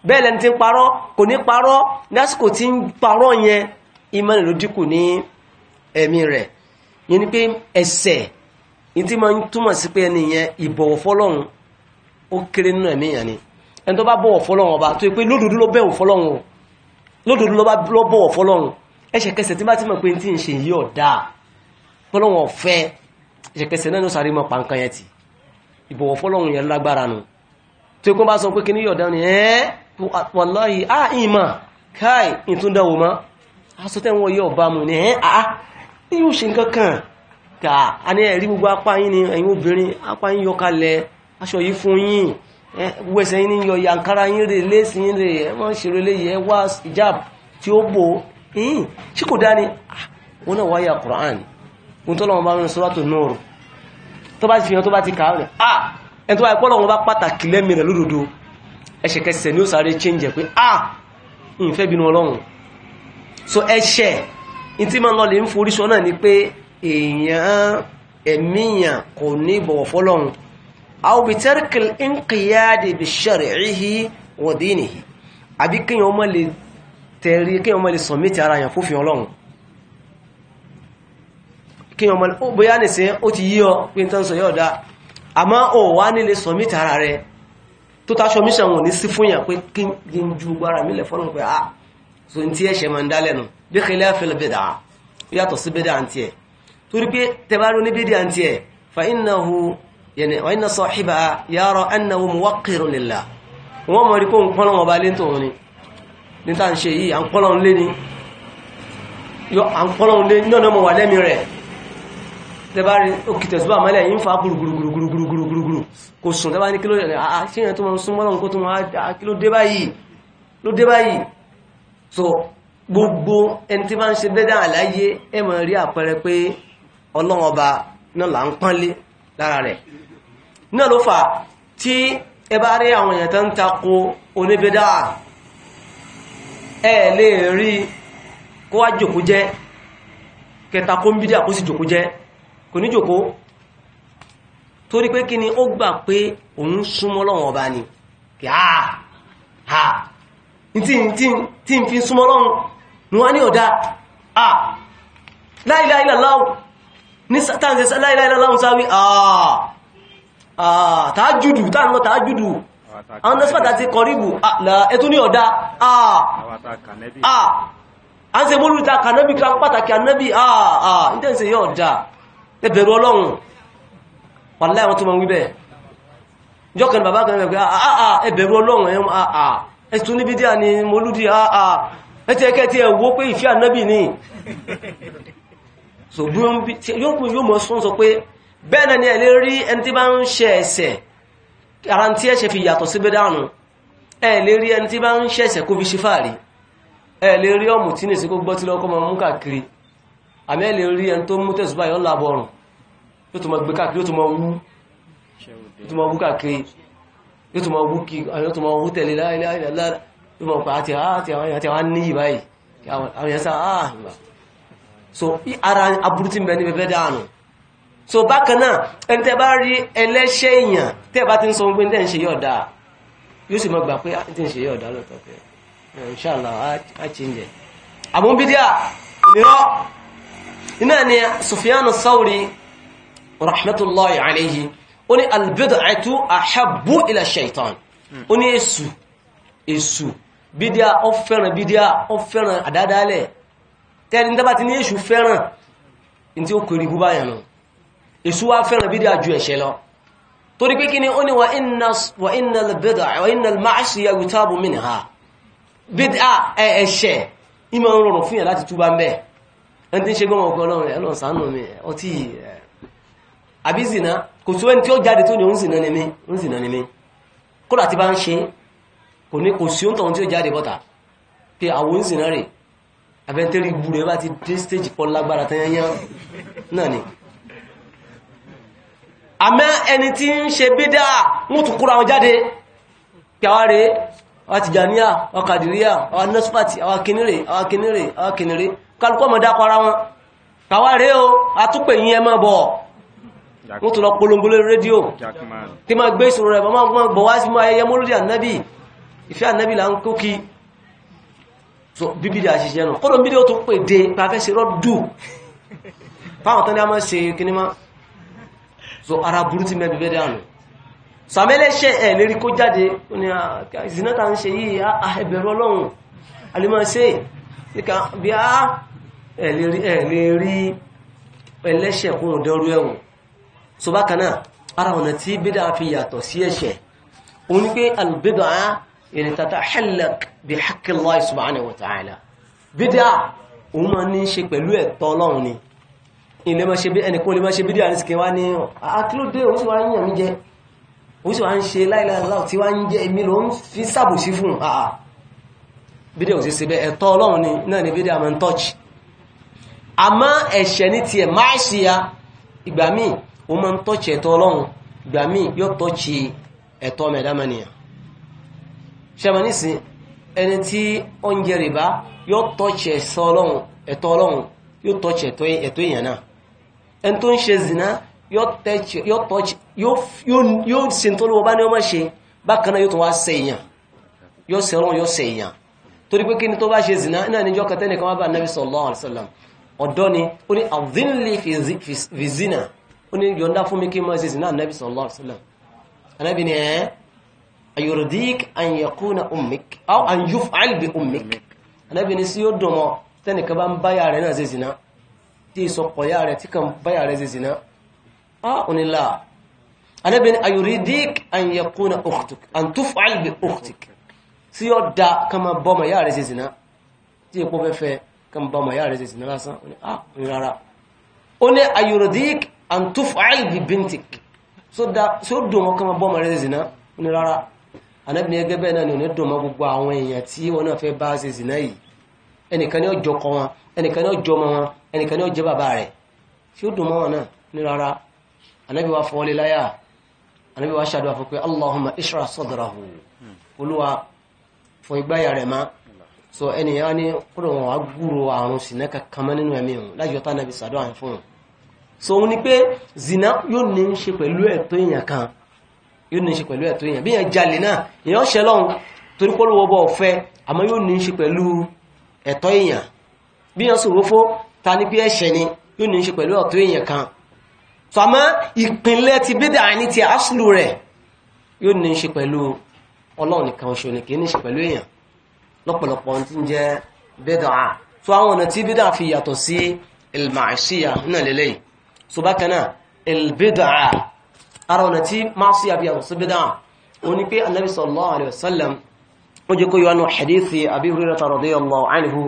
bẹ́ẹ̀ lẹ́ni tí ń parọ́ kò ní parọ́ imani ló ni pé ẹsẹ̀ ní tí máa ń túmọ̀ sí pé ẹni yẹn ìbọ̀wọ̀ fọ́lọ́run ó kéré nínú ẹ̀mí èèyàn ni ẹni tó bá bọ̀wọ̀ fọ́lọ́run ọba tó yẹ pé lódodo ló bẹ̀wọ̀ fọ́lọ́run o lódodo ló bọ̀wọ̀ fọ́lọ́run ẹsẹ̀kẹsẹ̀ tí bá ti mọ̀ pé tí ń ṣe yí ọ̀dá fọ́lọ́run ọ̀fẹ́ ẹsẹ̀kẹsẹ̀ náà ló sáré mọ́ pàǹkan yẹn ti ni ẹ́ wàláyé á ìmọ̀ káì ìtúndáwò mọ́ aṣọ tẹ́ wọ́n mu ni ẹ́ àá yóò ṣe nǹkan kan kà á ni ẹ̀yin obìnrin apá yín yọ aṣọ yìí fún yín wẹsẹ̀ yín ni yọ yàǹkárá yín rè léèsì yín rè ẹ mọ́ ṣèrè léyìí ẹ wá hijab tí ó bò yín ṣí kò dá wọn ah, náà wáyà Qur'an ohun tó lọ́wọ́ bá ń Suratu Nur tó bá ti fi tó bá ti kà á rẹ̀ ah ẹni tó bá yẹ kọ́ lọ́wọ́ bá pàtàkì lẹ́mìí rẹ̀ lódodo ẹ̀ṣẹ̀ kẹsẹ̀ ni ó sáré change pé ah ìfẹ́ bínú ọlọ́run so ẹ̀ṣẹ̀ ìtí máa ń lọ lè ń ni pé èèyàn ẹ̀míyàn kò ní ìbọ̀wọ̀ aw bi tarki al-inqiyadi bi shar'ihi wa dinihi àbí kí yẹn ọmọ lè tẹ̀rí kí yẹn ọmọ lè sọ̀mítì ara yẹn fófin ọlọ́run kí yẹn ọmọ lè ó bóyá nìsẹ́ ó ti yí ọ pé n tán sọ yọ́ ọ̀dá àmọ́ ò wá nílé sọ̀mítì ara rẹ tó táṣọ míṣàn wò ní sí fún yàn pé kí n ju gbára mílẹ̀ fọ́nà pé ah so n tí ẹ̀ṣẹ̀ máa ń dá lẹ́nu bí kìlẹ̀ fẹ́lẹ̀ bẹ̀dà yàtọ̀ sí bẹ̀dà àǹtí ẹ̀ torí pé tẹ́bárò ní àǹtí ẹ̀ fa innahu yẹni wa inna sahibaha yara annahu muwaqqirun lillah wọ́n mọ̀ rí kó ń pọ́lọ́wọ́ bá lé tóun ni ní tá à ń ṣe yìí à ń pọ́lọ́wọ́ lé ní à ń pọ́lọ́wọ́ lé ní ọ̀nà ọmọ wà lẹ́mi rẹ̀ tẹ́bárí òkìtẹ̀sùbà mọ́lẹ̀ yìí ń fa gbùrùgbùrùgbùrùgbùrùgbùrù kò sùn tẹ́bá ní kíló àṣíyàn tó mọ́ súnmọ́ lọ́nkó tó mọ́ kíló dé báyìí so gbogbo ẹni tí bá ń ṣe dédé àláyé ẹ máa rí àpẹẹrẹ pé ọlọ́wọ́ba náà là ń pọ́nlé lára rẹ̀ náà ló fà tí ẹ bá rí àwọn èèyàn tó ń tako oníbẹ̀dá ẹ lè rí kó wá jòkó jẹ́ kẹta kó ń bídà kó sì jòkó jẹ́ kò ní jòkó torí pé kí ó gbà pé òun súnmọ́ lọ́wọ́n ọba ni kí á ha tí n fi súnmọ́ lọ́wọ́n ni wọ́n ní ọ̀dá à la ilaha illallah ní sátánzẹ̀ la ilaha illallah sáwí Ah, tàájúdù táàrùn tàájúdù àwọn nẹ́sìpàtà ti kọ̀ríbù ah, ẹ̀tún ní ọ̀dá a ah. ń se mọ́lù ta kànẹ́bì kan pàtàkì ànẹ́bì àà ìtẹ́sẹ̀ yọ ọ̀dá ẹbẹ̀rù ọlọ́run wàlá ẹ̀wọ̀n tó ma ń wíbẹ̀ jọ́kàn bàbá kan ẹgbẹ̀ àà ẹbẹ̀rù ọlọ́run ẹ̀tún níbi díà ni mọ́lùdí àà ẹ̀tẹ́ẹ̀kẹ́ tí ẹ wò pé ìfẹ́ ànẹ́bì ni bẹ́ẹ̀ ni ẹ̀lẹ́ rí ẹni tí bá ń ṣe ẹ̀ṣẹ̀ ara tí ẹ̀ṣẹ̀ fi yàtọ̀ sí bẹ́dánù ẹ̀lẹ́ rí ẹni tí bá ń ṣe ẹ̀ṣẹ̀ kó fi ṣe fàárí ẹ̀lẹ́ rí ọmọ tí nìsí kó gbọ́ tí lọ́kọ́ mọ́ mú káàkiri àmì ẹ̀lẹ́ rí ẹni tó mú tẹ̀sùbá yọ́ làbọ̀rùn yóò tó mọ gbé káàkiri yóò tó mọ wú yóò tó so bákan náà ẹni tẹ́ bá rí ẹlẹ́ṣẹ̀ èèyàn tẹ́ bá ti ń sọ pé ní tẹ́ ń ṣe yọ̀ dáa yóò sì mọ̀ gbà pé ah, ní tẹ́ ń ṣe yọ̀ dáa lọ́tọ̀ pé eh, inshallah á change it àmúbídíà òmíràn iná ni Sufyanu Thawri rahmatullahi alayhi ó ní albid'atu ahabbu ila shaitan ó ní èsù èsù bídíà ó fẹ́ràn bídíà ó fẹ́ràn àdádálẹ̀ tẹ́ni tẹ́ bá ti ní èsù fẹ́ràn ní tí ó kórìí bú báyìí náà èṣù wá fẹ́ràn bídíà ju ẹ̀ṣẹ̀ lọ torí pé kí ni ó ní wa inna al-bid'a wa inna al-ma'siya yutabu minha bídíà ẹ̀ṣẹ̀ ìmọ̀ ń rọrùn fún yà láti túbá ń bẹ́ẹ̀ ẹni tí ń ṣe gbọ́mọ̀ ọkọ̀ ọlọ́run ẹlọ́n sàánù mi ọtí àbízìnà kò tó ẹni tí ó jáde tó ní oúnzìnà ni náà ni àmẹ́ ẹni tí ń ṣe bídá wọ́n tún kúrò àwọn jáde pẹ̀wàre àwọn tìjàníyà àwọn kàdìríyà àwọn nọ́sípàtì àwọn kìnìrè àwọn kìnìrè àwọn kìnìrè kálùkọ́ mọ̀ dákọ̀ wọn pẹ̀wàre o àtúpè yín ẹ máa bọ̀ wọ́n tún lọ polongo lórí rédíò tí máa gbé ìṣòro rẹ̀ máa gbọ́n bọ̀ wá sí mọ́ ayẹyẹ mọ́lódì ànábì ìfẹ́ ànábì là ń kó kí bíbí di àṣìṣe nù kọ́dọ̀ so ara burú ti mẹ́bí bẹ́ dànù sàmẹ́lẹ́ṣẹ́ ẹ̀ lérí kó jáde ní ìsinátà ah, ń ṣe yìí ah, ah, ẹbẹ̀rọ ọlọ́run alimọ́sẹ́ bí a ẹ̀ lérí ẹlẹ́ṣẹ̀ kún ọ̀dọ́rú ẹ̀wọ̀n so bákanáà ara ọ̀nà tí bídá fi yàtọ̀ sí ẹ̀ṣẹ̀ òun ni pé albídá yẹni tata hallak ilé mọ́ ṣe bí ẹnìkan olè mọ́ ṣe bídíà ní síkẹ́ wá ní akílódé ah, ó sì wá ń yàn mí jẹ ó sì wá ń ṣe láìláìláà tí wá ń jẹ èmi ló ń fi sàbòsí fún àà ah, ah. bídíà ò sí ṣe bẹ́ ẹ̀tọ́ ọlọ́run ni náà ni bídíà máa ń tọ́ọ̀chì àmọ́ ẹ̀ṣẹ̀ ní tiẹ̀ máa yóò tọ́ọ̀chì ẹ̀tọ́ mẹ̀dámẹ́nìyàn ẹn tó ń ṣe zina yóò ṣe tó lówó bá ní ọmọ ṣe bákan náà yóò tún wá ṣe èèyàn yóò ṣe ọlọ́run yóò ṣe èèyàn torí pé kí ni tó bá ṣe zina náà níjọ́ kẹtẹ́ nìkan wá bá nabi sallallahu alaihi wasallam ọ̀dọ́ ni ó ní àdínlé fi zina ó ní yọ̀ǹda fún mi kí n máa ṣe zina nabi sallallahu alaihi wasallam anabi ṣe zina tí ìsọpọ̀ yá rẹ̀ tí kan báyà rẹ̀ zèzì náà á onílà anábìn ah. ayuridik anyakuna ukhtuk an tuf'al bi ukhtik sí yọ da kan ma bọ́ ma yá rẹ̀ zèzì náà tí èpo fẹ́fẹ́ kan bọ́ ma yá rẹ̀ zèzì náà lásán ah, á onírara ó ní ayuridik an tuf'al bi bintik so dùn wọn kan bọ́ ma rẹ̀ zèzì náà onírara ẹgẹ́ bẹ́ẹ̀ náà ni ò ní dùn ma gbogbo àwọn èèyàn tí wọn náà fẹ́ bá zèzì yìí ẹnìkan ní ọjọ́ kọ wọn ẹnìkan ní ọjọ́ ọmọ wọn ẹnìkan ní ọjọ́ bàbá rẹ̀ ṣé ó dùn mọ́ wọn náà ní rárá ànábì wa fọwọ́lé láyà ànábì wa allahumma isra sadrahu olúwa fọ ìgbáyà rẹ̀ má so ẹnìyàn ní kúrò wọn wá gúrò àrùn sínú kankan mọ́ nínú ẹ̀mí òun láti ọ̀tá ànábì so òun zina yóò ní í ṣe pẹ̀lú ẹ̀tọ́ èèyàn kan yóò ní í ṣe pẹ̀lú ẹ̀tọ́ èèyàn bí èèyàn jalè náà èèyàn ṣẹlọ́run torí ẹ̀tọ́ èèyàn bí wọ́n sì rófó ta ní bí ẹ̀ṣẹ̀ ni yóò ní í ṣe pẹ̀lú ọ̀tọ́ èèyàn kan fàmọ́ ìpínlẹ̀ ti bídà ní ti aṣùlù rẹ̀ yóò ní í ṣe pẹ̀lú ọlọ́run nìkan oṣù ní kì í ní í ṣe pẹ̀lú èèyàn lọ́pọ̀lọpọ̀ tí ń jẹ́ bídà á tó àwọn ọ̀nà tí bídà fi yàtọ̀ sí ilmàṣíyà náà lélẹ́yìn so bákan náà ilbídà ara ọ̀nà tí máṣíyà fi yàtọ̀ sí bídà á ó ní pé Ànábì sallallahu alaihi wasallam wọ́n jẹ́ kó yọ anu hadithi Abi Hurairah radiyallahu anhu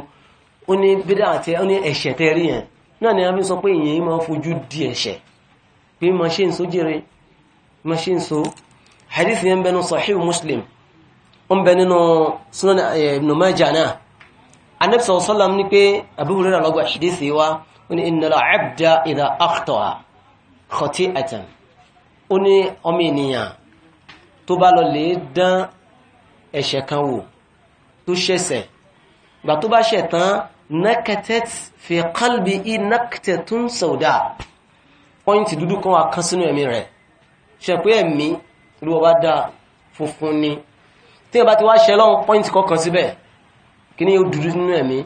ó ní bídá àti ó ní ẹ̀ṣẹ̀ tẹ́ rí yẹn náà ni a fi sọ pé èèyàn yìí máa fojú di ẹ̀ṣẹ̀ pé ma ṣe ń so jèrè ma ṣe ń so hadith yẹn bẹnu Sahih Muslim ń bẹ nínú Sunan eh, ẹ̀ṣẹ̀ kan wò tó ṣẹ̀ṣẹ̀ gbà tó bá ṣẹ̀ tán nakatet fi qalbi i nakatetun sauda pọ́ìntì dúdú kan wà kán sínú ẹ̀mí rẹ̀ ṣe pé ẹ̀mí ló wọ́n bá dá funfun ni tí wọ́n bá ti wá ṣe lọ́wọ́ pọ́ìntì kọ̀ọ̀kan síbẹ̀ kí ni yóò dúdú nínú ẹ̀mí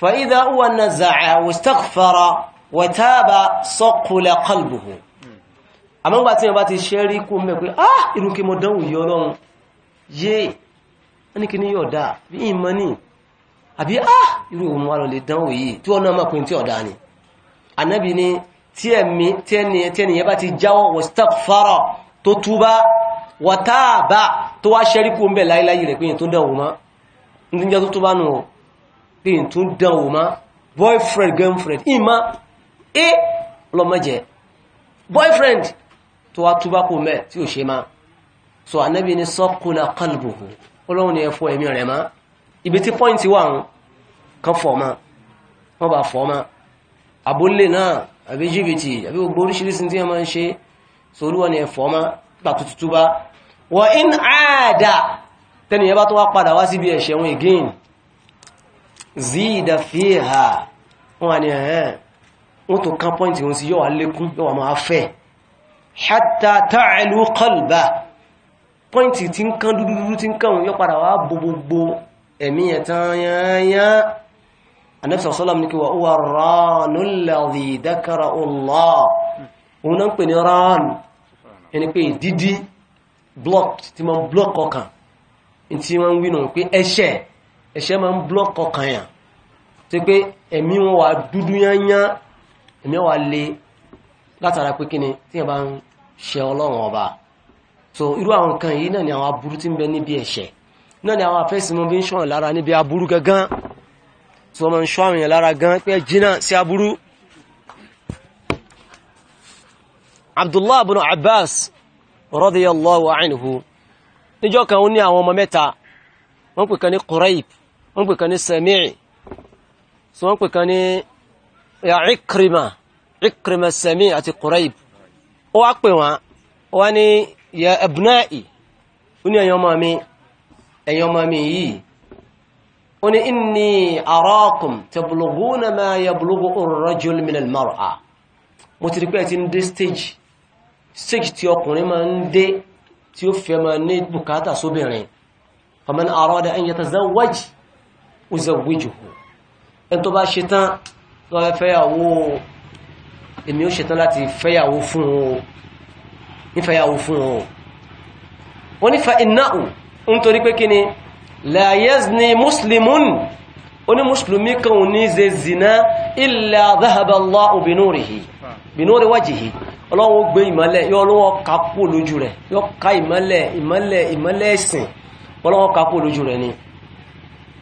fa idha huwa naza'a wastaghfara wa taba saqula qalbuhu àmọ́gbà tí wọ́n bá ti ṣe rí kú mẹ́ pé ah irú kí dánwò yọ ọlọ́run yé ní kí ní yọ̀ dáa bí i mọ́ ní àbí ah irú òun wà lọ́lẹ̀ dánwò yìí tí wọ́n náà mọ̀ pín tí ọ̀dá ni anábì ni tí ẹ̀mí tẹ́niyẹ bá ti jáwọ́ wastaghfara tó túbá wa taaba tó wá ṣẹ́ríkù ń bẹ̀ láíláyì rẹ̀ pín tó dánwò má ní jẹ́ tó túbá nù pín tó boyfriend girlfriend ìmá é lọ́mọjẹ boyfriend tó wá túbá kò mẹ́ tí ò ṣe má so anábì ni saqula qalbuhu ọlọ́run ni ẹ̀fọ́ ẹ̀mí rẹ̀ mọ́ ibi tí pọ́ìntì wà ń kan fọ̀ mọ́ wọ́n bá fọ́ mọ́ abúlé náà àbí jìbìtì àbí gbogbo oríṣiríṣi tí wọ́n máa ń ṣe sòrúwọ́ ni ẹ̀fọ́ mọ́ gbà bá wọ́n in àádà tẹ́nìyàn bá tó wá pọ́ìntì tí ń kán dúdúdúdú tí ń kán yọ padà wá gbogbo ẹ̀mí ẹ̀tàn yányán anẹ́bí sọ̀sọ́lá ní kí wà wà ránú lẹ́ọ̀dì dákàrà ọlá òun náà ń pè ní ránù ẹni pé ìdídí block tí ma ń block ọkàn tí wọ́n ń wí nù pé ẹ̀ṣẹ̀ ẹ̀ṣẹ̀ ẹ̀mí wọn wà dúdú yányán ẹ̀mí wà le látara pé kíni tí wọ́n ń ṣe ọlọ́run ọba so irú àwọn nǹkan yìí náà ni àwọn aburú tí ń bẹ níbi ẹ̀ṣẹ̀ náà ni àwọn afẹ́sìn mọ́ bí ń ṣọ̀rọ̀ lára níbi aburú gangan tí wọ́n máa ń ṣọ́ àwọn èèyàn lára gan pé jìnnà sí aburú. abdullahi ibn abbas radiyallahu anhu níjọ́ kan ó ní àwọn ọmọ mẹ́ta wọ́n pè kan ní quraib wọ́n pè kan ní sami' so wọ́n pè kan ní ya ikrima ikrima sami' àti quraib ó wá pè wọ́n ó ní ya abna'i ó ní ẹ̀yọ́ máa mi ẹ̀yọ́ máa mi yìí ó ní inni arakum tablughuna ma yablughu ar-rajul min al-mar'a mo ti rí pé ti ń dé stage stage tí ọkùnrin máa ń dé tí ó fẹ́ máa ní bùkátà sóbìnrin faman arada an yatazawwaj uzawwijuhu ẹni tó bá ṣetán lọ́wọ́ fẹ́yàwó èmi ó ṣetán láti fẹ́yàwó fún o nífẹ̀yàwó fún wọn wọ́n nífẹ̀ ináhù ń torí pé kí ni la yazni muslimun oní musulmi kan ní zai zina illa dhahaba Allahu binurihi binuri wajihi ọlọ́wọ́ gbé ìmọ́lẹ̀ yọ ọlọ́wọ́ kakó lójú rẹ̀ yọ ká ìmọ́lẹ̀ ìmọ́lẹ̀ ìmọ́lẹ̀ ẹ̀sìn ọlọ́wọ́ kakó lójú rẹ̀ ni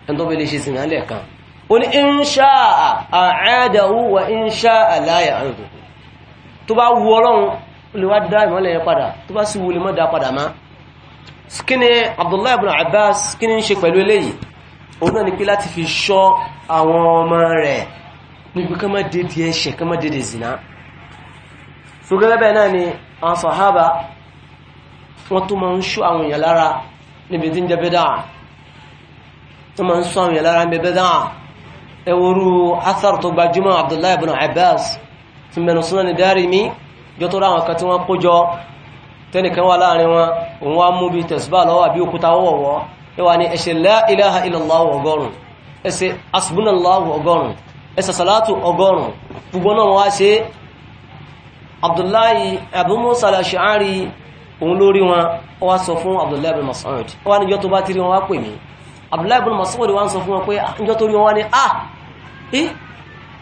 ẹ̀ntọ́ bẹ lè wu ọlọ́run lè wá dá ìmọ́lẹ̀ yẹn padà tó bá sì wù lè mọ́ dá padà má kí ni Abdullahi ibn Abbas kí ni ń ṣe pẹ̀lú eléyìí òun náà ni pé láti fi ṣọ́ àwọn ọmọ rẹ̀ níbi ká má dédé ẹ̀ṣẹ̀ ká má dédé zina so gẹ́gẹ́ bẹ́ẹ̀ náà ni àwọn sàhábà wọ́n tó máa ń ṣọ́ àwọn èèyàn lára jọ tó ráwọn kan tí wọ́n kójọ tẹ́nìkan wà láàrin wọn òun wá mú bí tẹ̀sùbá lọ́wọ́ àbí òkúta wọ̀wọ́ ẹwà ni ẹ̀ṣẹ̀ la ilaha illallah ọgọ́rùn ẹ̀ṣẹ̀ asbunallahu ọgọ́rùn ẹ̀ṣẹ̀ salatu ọgọ́rùn gbogbo náà wá ṣe abdullahi abu musa al-ash'ari òun lórí wọn ó wá sọ fún abdullahi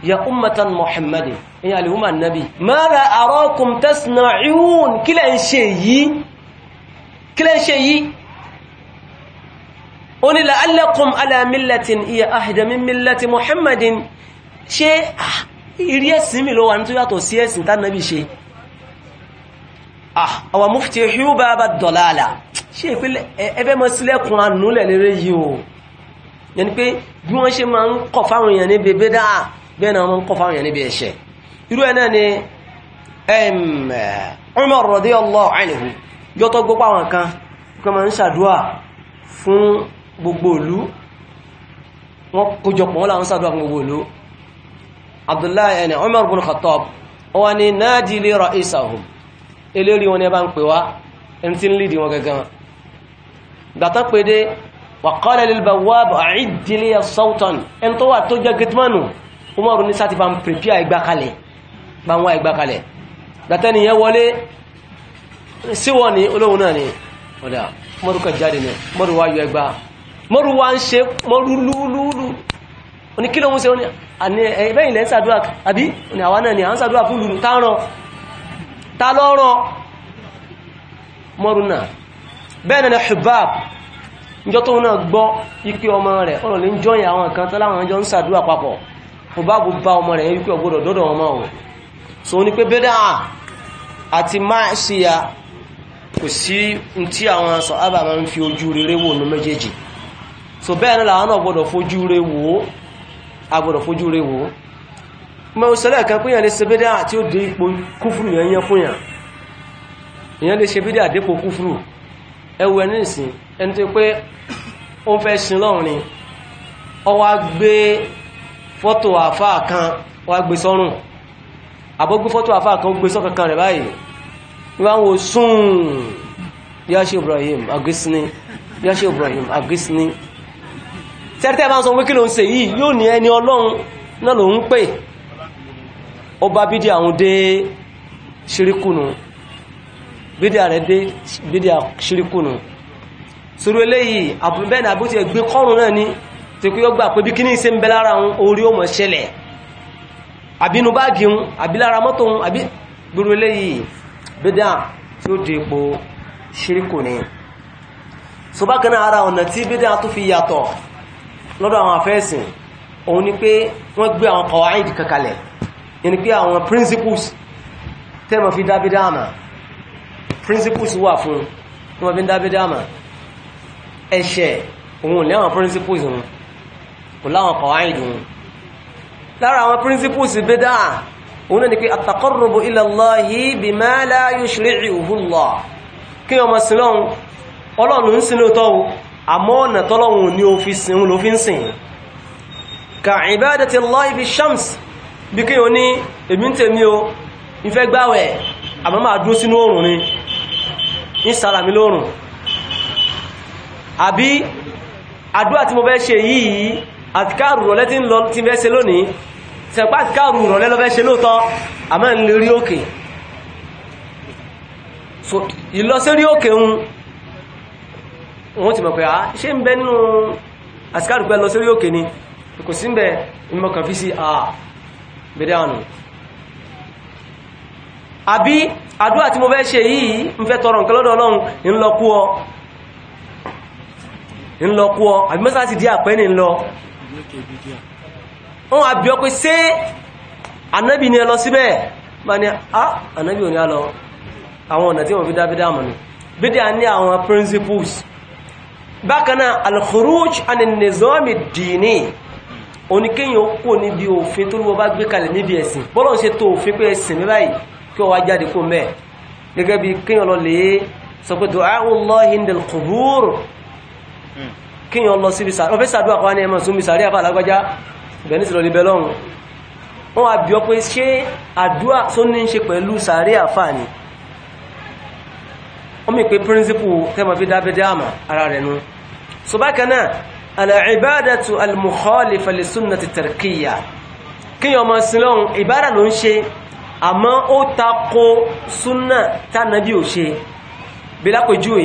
ya ummatan muhammadi in ya alihuma nabi mara arakum tasna'un kila ń ṣe yìí kila ń ṣe yìí ó ní la'allakum ala millatin iya ahda min millati muhammadin ṣe iri ah, ẹ̀sìn mi ló wà ní tó yàtọ̀ sí ẹ̀sìn tá nabi ṣe ah awa muftihu baba dalala ṣe ìpínlẹ̀ ẹfẹ́ mọ́ sílẹ̀kùn ànúlẹ̀ lérè yìí o yẹni pé bí wọ́n ṣe máa ń kọ̀ fáwọn èèyàn ní bèbè dáa bẹ́ẹ̀ náà wọ́n ń kọ́ fáwọn èèyàn níbi ẹ̀ṣẹ̀ irú ẹ̀ náà ni Umar radiyallahu anhu yọ́tọ́ gbogbo àwọn kan kí wọ́n ń ṣàdúà fún gbogbo ìlú wọ́n kójọpọ̀ wọ́n láwọn ṣàdúà fún gbogbo ìlú Abdullahi ẹni Umar bin Khattab wọ́n ni nadi li ra'isahum eléri wọn ni bá ń pè wá ẹni umaru ní sáti bá ń pèpí àìgbàkalẹ̀ bá ń wá àìgbàkalẹ̀ dátẹ́ni yẹn wọlé síwọ́ ni olóhun náà ni ọ̀dá umaru kan jáde ní umaru wá yọ ẹgbà umaru wá ń ṣe umaru lúlúlú oní kí lóhun náà ni à ń ṣàdúrà fún lùlù tá ràn tá hubab ìjọ tóun náà gbọ́ ipe ọmọ rẹ̀ ọ̀rọ̀ lè ń jọyìn àwọn kan tó láwọn ọjọ́ ń ṣàdúrà papọ̀ mo bá gbogbo bá ọmọ rẹ̀ yẹn wípé ọgbọ́dọ̀ dọ́dọ̀ wọn máa so ní pé bẹ́dà àti máa ṣe ya kò sí tí àwọn aṣọ ábà máa ń fi ojú rere wò ní méjèèjì so bẹ́ẹ̀ náà làwọn náà gbọ́dọ̀ fojú rere wò ó agbọ́dọ̀ fojú rere wò ó mo sọlẹ̀ kan pé èèyàn lè ṣe bẹ́dà tí ó dé ipò kúfùrù yẹn yẹn fún yàn èèyàn gbé fọ́tò àfá kan wá gbé sọ́rùn àbọ́gbé fọ́tò àfá kan gbé sọ́ kankan rẹ̀ báyìí wọ́n wo sún yá ṣe Ibrahim agrisini yá ṣe Ibrahim agrisini tẹ́rẹ́tẹ́ bá ń sọ wíkí ló ń ṣe yìí yóò ní ẹni ọlọ́run náà ló ń pè ó bá bídí àwọn dé ṣíríkùnù bídí ààrẹ dé bídí ṣíríkùnù sórí eléyìí àbúrúbẹ́ni àbúrú ẹgbẹ́ kọ́rùn náà ni tí kí ó gbà pé bí kíní ṣe ń bẹ lára ń orí ó mọ̀ ṣẹlẹ̀ àbínú báàgì ń àbí lára mọ́tò ń àbí gbúrú eléyìí bídá tí ó dèpo ṣíríkù ni so náà ara ọ̀nà tí bídá tó fi yàtọ̀ lọ́dọ̀ àwọn afẹ́sìn òun ni pé wọ́n gbé àwọn kọ̀wáìdì kankalẹ̀ yẹni pé àwọn principles tẹ́mọ̀ fi dá bídá àmà principles wà fún wọ́n fi dá bídá àmà ẹ̀ṣẹ̀ òun lẹ́wọ̀n principles òun kò láwọn kọ̀ áìdùn lára àwọn principles bídá òun náà ni pé at-taqarrubu ila Allahi bima la yushri'uhu Allah kí ọmọ sílọ́hun ọlọ́run ń sin lóòótọ́ àmọ́ ọ̀nà tọ́lọ́run ní òfin sin ló fi ń sìn ka ibadati Allahi bi shams bí kí o ní èmi tèmi o ìfẹ́ gbáwẹ̀ àmọ́ máa dúró sínú oòrùn ni ń sàràmì lóòrùn àbí àdúrà tí mo fẹ́ ṣe yìí àtikáàrù rọ̀lẹ́ tí ń lọ ti fẹ́ ṣe lónìí sẹ̀pá àtikáàrù rọ̀lẹ́ lọ fẹ́ ṣe lóòtọ́ àmọ́ ń lè rí òkè ìlọsírí òkè ń wọ́n ti mọ̀ pé àá ah, ṣe ń bẹ nínú àtikáàrù pẹ́ lọ sírí òkè ni kò sí ń bẹ ìmọ̀kàn fi sí àà bẹ̀rẹ̀ àánú àbí àdúrà tí mo fẹ́ ṣe yìí ń fẹ́ tọrọ nǹkan lọ́dọ̀ ọlọ́run ń lọ kú ọ ń lọ kú ọ àbí mẹ́sàá ti àpẹ́ ní ń lọ wọ́n wá bí ọ pé ṣé anábì ni ẹ lọ síbẹ̀ bá ní á anábì ò ní á lọ àwọn ọ̀nà tí wọ́n fi dá bídá mọ̀ ni bídá ní àwọn principles bákanáà al-khuruj an-nizam ad-dini oníkéyàn ó kò níbi òfin tó lówó bá gbé kalẹ̀ níbi ẹ̀sìn bọ́lọ̀ ṣe tó òfin pé ẹ̀sìn mẹ́bàáyì kí ó jáde kíyàn lọ síbi sàárì ọ̀fẹ́ sàdúwà kọwa ní ẹmọ súnmi sàárì àbá alágbájá bẹ̀ẹ́ni sílọ ní bẹ́lọ́run wọ́n wá bí ọ pé ṣé àdúà tó ní ṣe pẹ̀lú sàárì àfà ni wọ́n mi pé píríncípù tẹ́mọ̀ fi dá bẹ́dẹ́ àmà ara rẹ̀ nu so bákan náà al-ibadatu al-mukhalifa li sunnati tarkiyya kíyàn ọmọ sílọ́run ìbádà ló ń ṣe àmọ́ ó tako súnà tánàbí ò ṣe bí lápèjúwe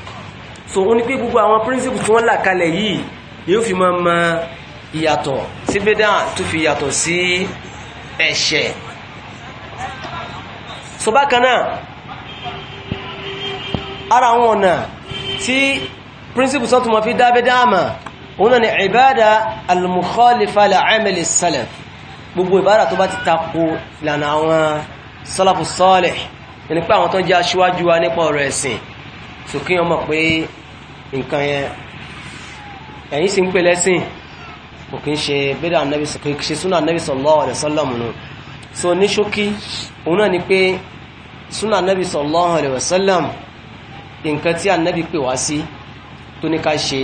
so ó ní pé gbogbo àwọn príncipù tí wọ́n là kalẹ̀ yìí ni ó fi máa ma ìyàtọ̀ sí bídà tó fi yàtọ̀ sí ẹ̀ṣẹ̀ so bákan náà ara àwọn ọ̀nà tí príncipù sọ́tù mọ̀ fi dá bídà àmà òun náà ni ìbáda al-mukhalifa li'amal gbogbo ìbára tó bá ti tako ìlànà àwọn sálàfù sọ́ọ̀lẹ̀ ẹni pé àwọn tó ń jẹ́ aṣíwájú wa nípa ọ̀rọ̀ ẹ̀sìn sókè ọmọ pé nǹkan yẹn ẹ̀yìn sì ń pè lẹ́sìn kò kí ń ṣe bídà ànábì kò kí ṣe sallallahu alaihi wasallam nù so ní ṣókí òun náà ni pé súnà ànábì sallallahu alaihi wasallam nǹkan tí ànábì pè wá sí tó ní ká ṣe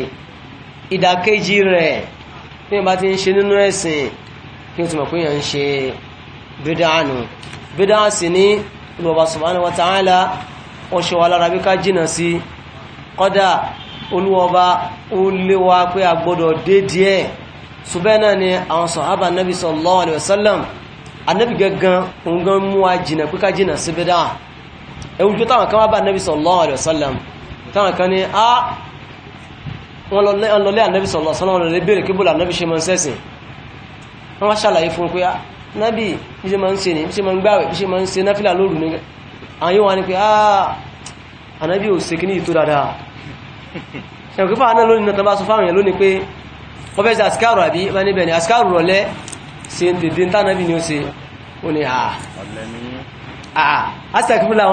ìdàkejì rẹ̀ bí wọ́n bá ti ń ṣe nínú ẹ̀sìn kí wọ́n ti mọ̀ pé yẹn ń ṣe bídà ànù bídà sì ní Ọba subhanahu wa ta'ala wọ́n ṣe wà lára bí ká jìnà sí kọ́dà olúwọba ó léwa pé a gbọ́dọ̀ dé díẹ̀ ṣùgbẹ́ náà ni àwọn sọ̀hábà anábì sallallahu alaihi wasallam anábì gangan òun gan mú wa jìnà pé ká jìnà sí bídà ẹ̀wù jọ táwọn kan wá bá anábì sallallahu alaihi wasallam táwọn kan ní a wọn lọlé anábì sallallahu alaihi wasallam lọlé béèrè kébùlà anábì ṣe máa ń sẹ́sìn dáadáa ṣẹ̀kú fáwọn náà lónìí náà tán bá sọ fáwọn èèyàn lónìí pé wọ́n fẹ́ ṣe àsìkáàrù àbí bá níbẹ̀ ni àsìkáàrù rọ̀lẹ́ ṣe ń dèdè ń tánàbí ni ó ṣe ó ní àà àsìkáàkúfúnlá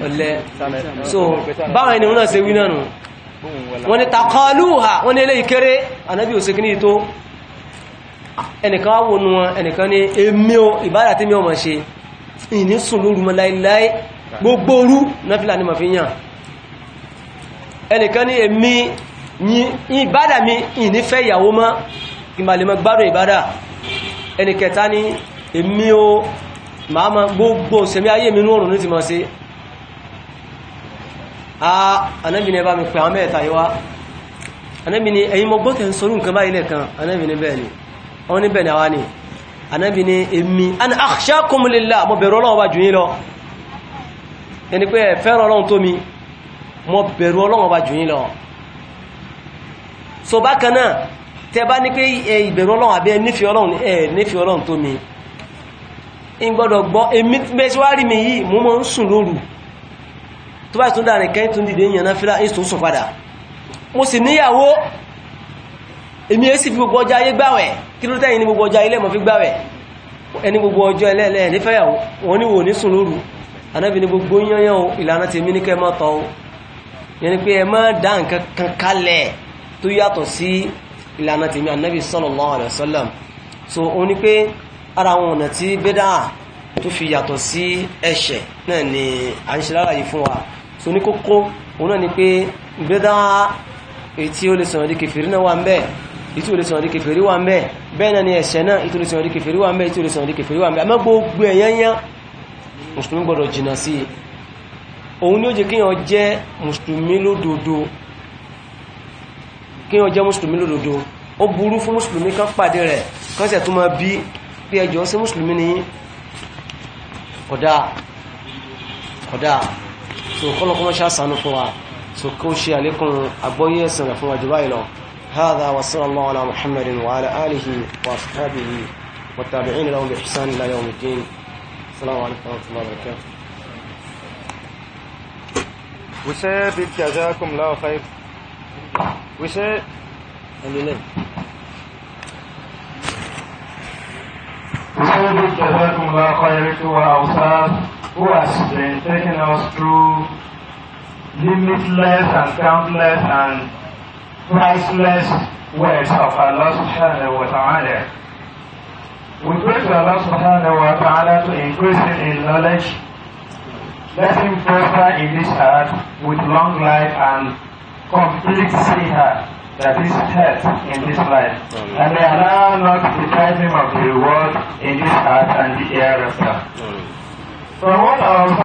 100 so báwọn ènìyàn náà ṣe wí náà nù wọ́n ni takọlúhà wọ́n ni eléyìí kéré ànábí ò ṣe kí ní ìtó ẹnìkan wọnú wọn ìní sùn lóru mọ́ láíláí gbogbo orú náfílà ni ma fi yàn ẹnìkan ní èmi ìbádà mi ìnífẹ́ ìyàwó mọ́ ìmàlèmọ̀ gbádùn ìbádà ẹnìkẹta ní èmi o máa ma gbogbo sẹ̀mí ayé mi ní òrùn ní ti mọ̀ sí anábì ní ẹbá mi pè àwọn mẹ́ta yíwá anábì ni wọ́n ní bẹ́ẹ̀ ni àwa ni anábì ní ẹni pé ẹ fẹ́ràn ọlọ́run tó mi mo bẹ̀rù ọlọ́run ọba jù yín lọ so bákan náà tẹ bá ní pé ẹ ìbẹ̀rù ọlọ́run àbí ẹ nífẹ̀ẹ́ ọlọ́run ẹ nífẹ̀ẹ́ ọlọ́run tó mi ń gbọ́dọ̀ gbọ́ èmi mẹ́síwárì mi yìí mo mọ́ ń sùn lóru tó bá tún dáa nìkan tún dìde yànnà fílà ń sùn sùn padà mo sì níyàwó èmi èsì fi gbogbo ọjà ayé gbàwẹ̀ kí ló tẹ́yìn ní gbogbo ọjà ilé mọ̀ fi gbàwẹ̀ ẹni gbogbo ọjọ́ ẹlẹ́ẹ̀lẹ́ẹ̀ nífẹ̀yàwó wọn ni ní sùn lóru anábì ní gbogbo yányán o ìlànà ti mí ní kẹ́ mọ́ tọ́ o yẹn ni pé ẹ má dá nǹkan kan kalẹ̀ tó yàtọ̀ sí ìlànà tèmi anábì sallallahu alaihi wasallam so o ní pé ara àwọn ọ̀nà tí bẹ́dà tó fi yàtọ̀ sí ẹ̀ṣẹ̀ náà ni à ń ṣe lára yìí fún wa so ní kókó òun náà ni pé bẹ́dà èyí tí ó lè sọ̀rọ̀ di kèfèrí náà wà ń bẹ́ẹ̀ èyí tí ó lè sọ̀rọ̀ di kèfèrí wà ń bẹ́ẹ̀ bẹ́ẹ̀ náà ni ẹ̀ṣẹ̀ náà èyí tó lè sọ̀rọ̀ di kèfèrí wà ń bẹ́ẹ̀ èyí tó lè sọ̀rọ̀ di kèfèrí wà ń bẹ́ẹ̀ àmọ́ gbogbo ẹ̀yán yán mùsùlùmí gbọ́dọ̀ jìnà sí i òun ni ó jẹ́ kíyàn jẹ́ mùsùlùmí lódodo kíyàn jẹ́ mùsùlùmí lódodo ó burú fún mùsùlùmí kan pàdé rẹ̀ kan sì tó máa bí pé ẹjọ́ sí mùsùlùmí ní kódà kódà so kọ́lọ́kọ́ mọ́ ṣàṣánú fún wa so kó ṣe àlékún àgbọ́yé ẹ̀sìn rẹ̀ fún wa jù هذا وصلى الله على محمد وعلى آله وأصحابه وتابعين لهم بإحسان إلى يوم الدين السلام عليكم ورحمة الله وبركاته وسابق جزاكم الله خير وسابق اليونان وسابق جزاكم الله خير to أوصاف staff who has been taking limitless and countless and priceless words of Allah subhanahu wa ta'ala. We pray to Allah subhanahu wa ta'ala to increase him in knowledge. Let him prosper in this earth with long life and complete siha, that is health in this life. And may Allah not deprive him of the reward in this earth and the hereafter. So what our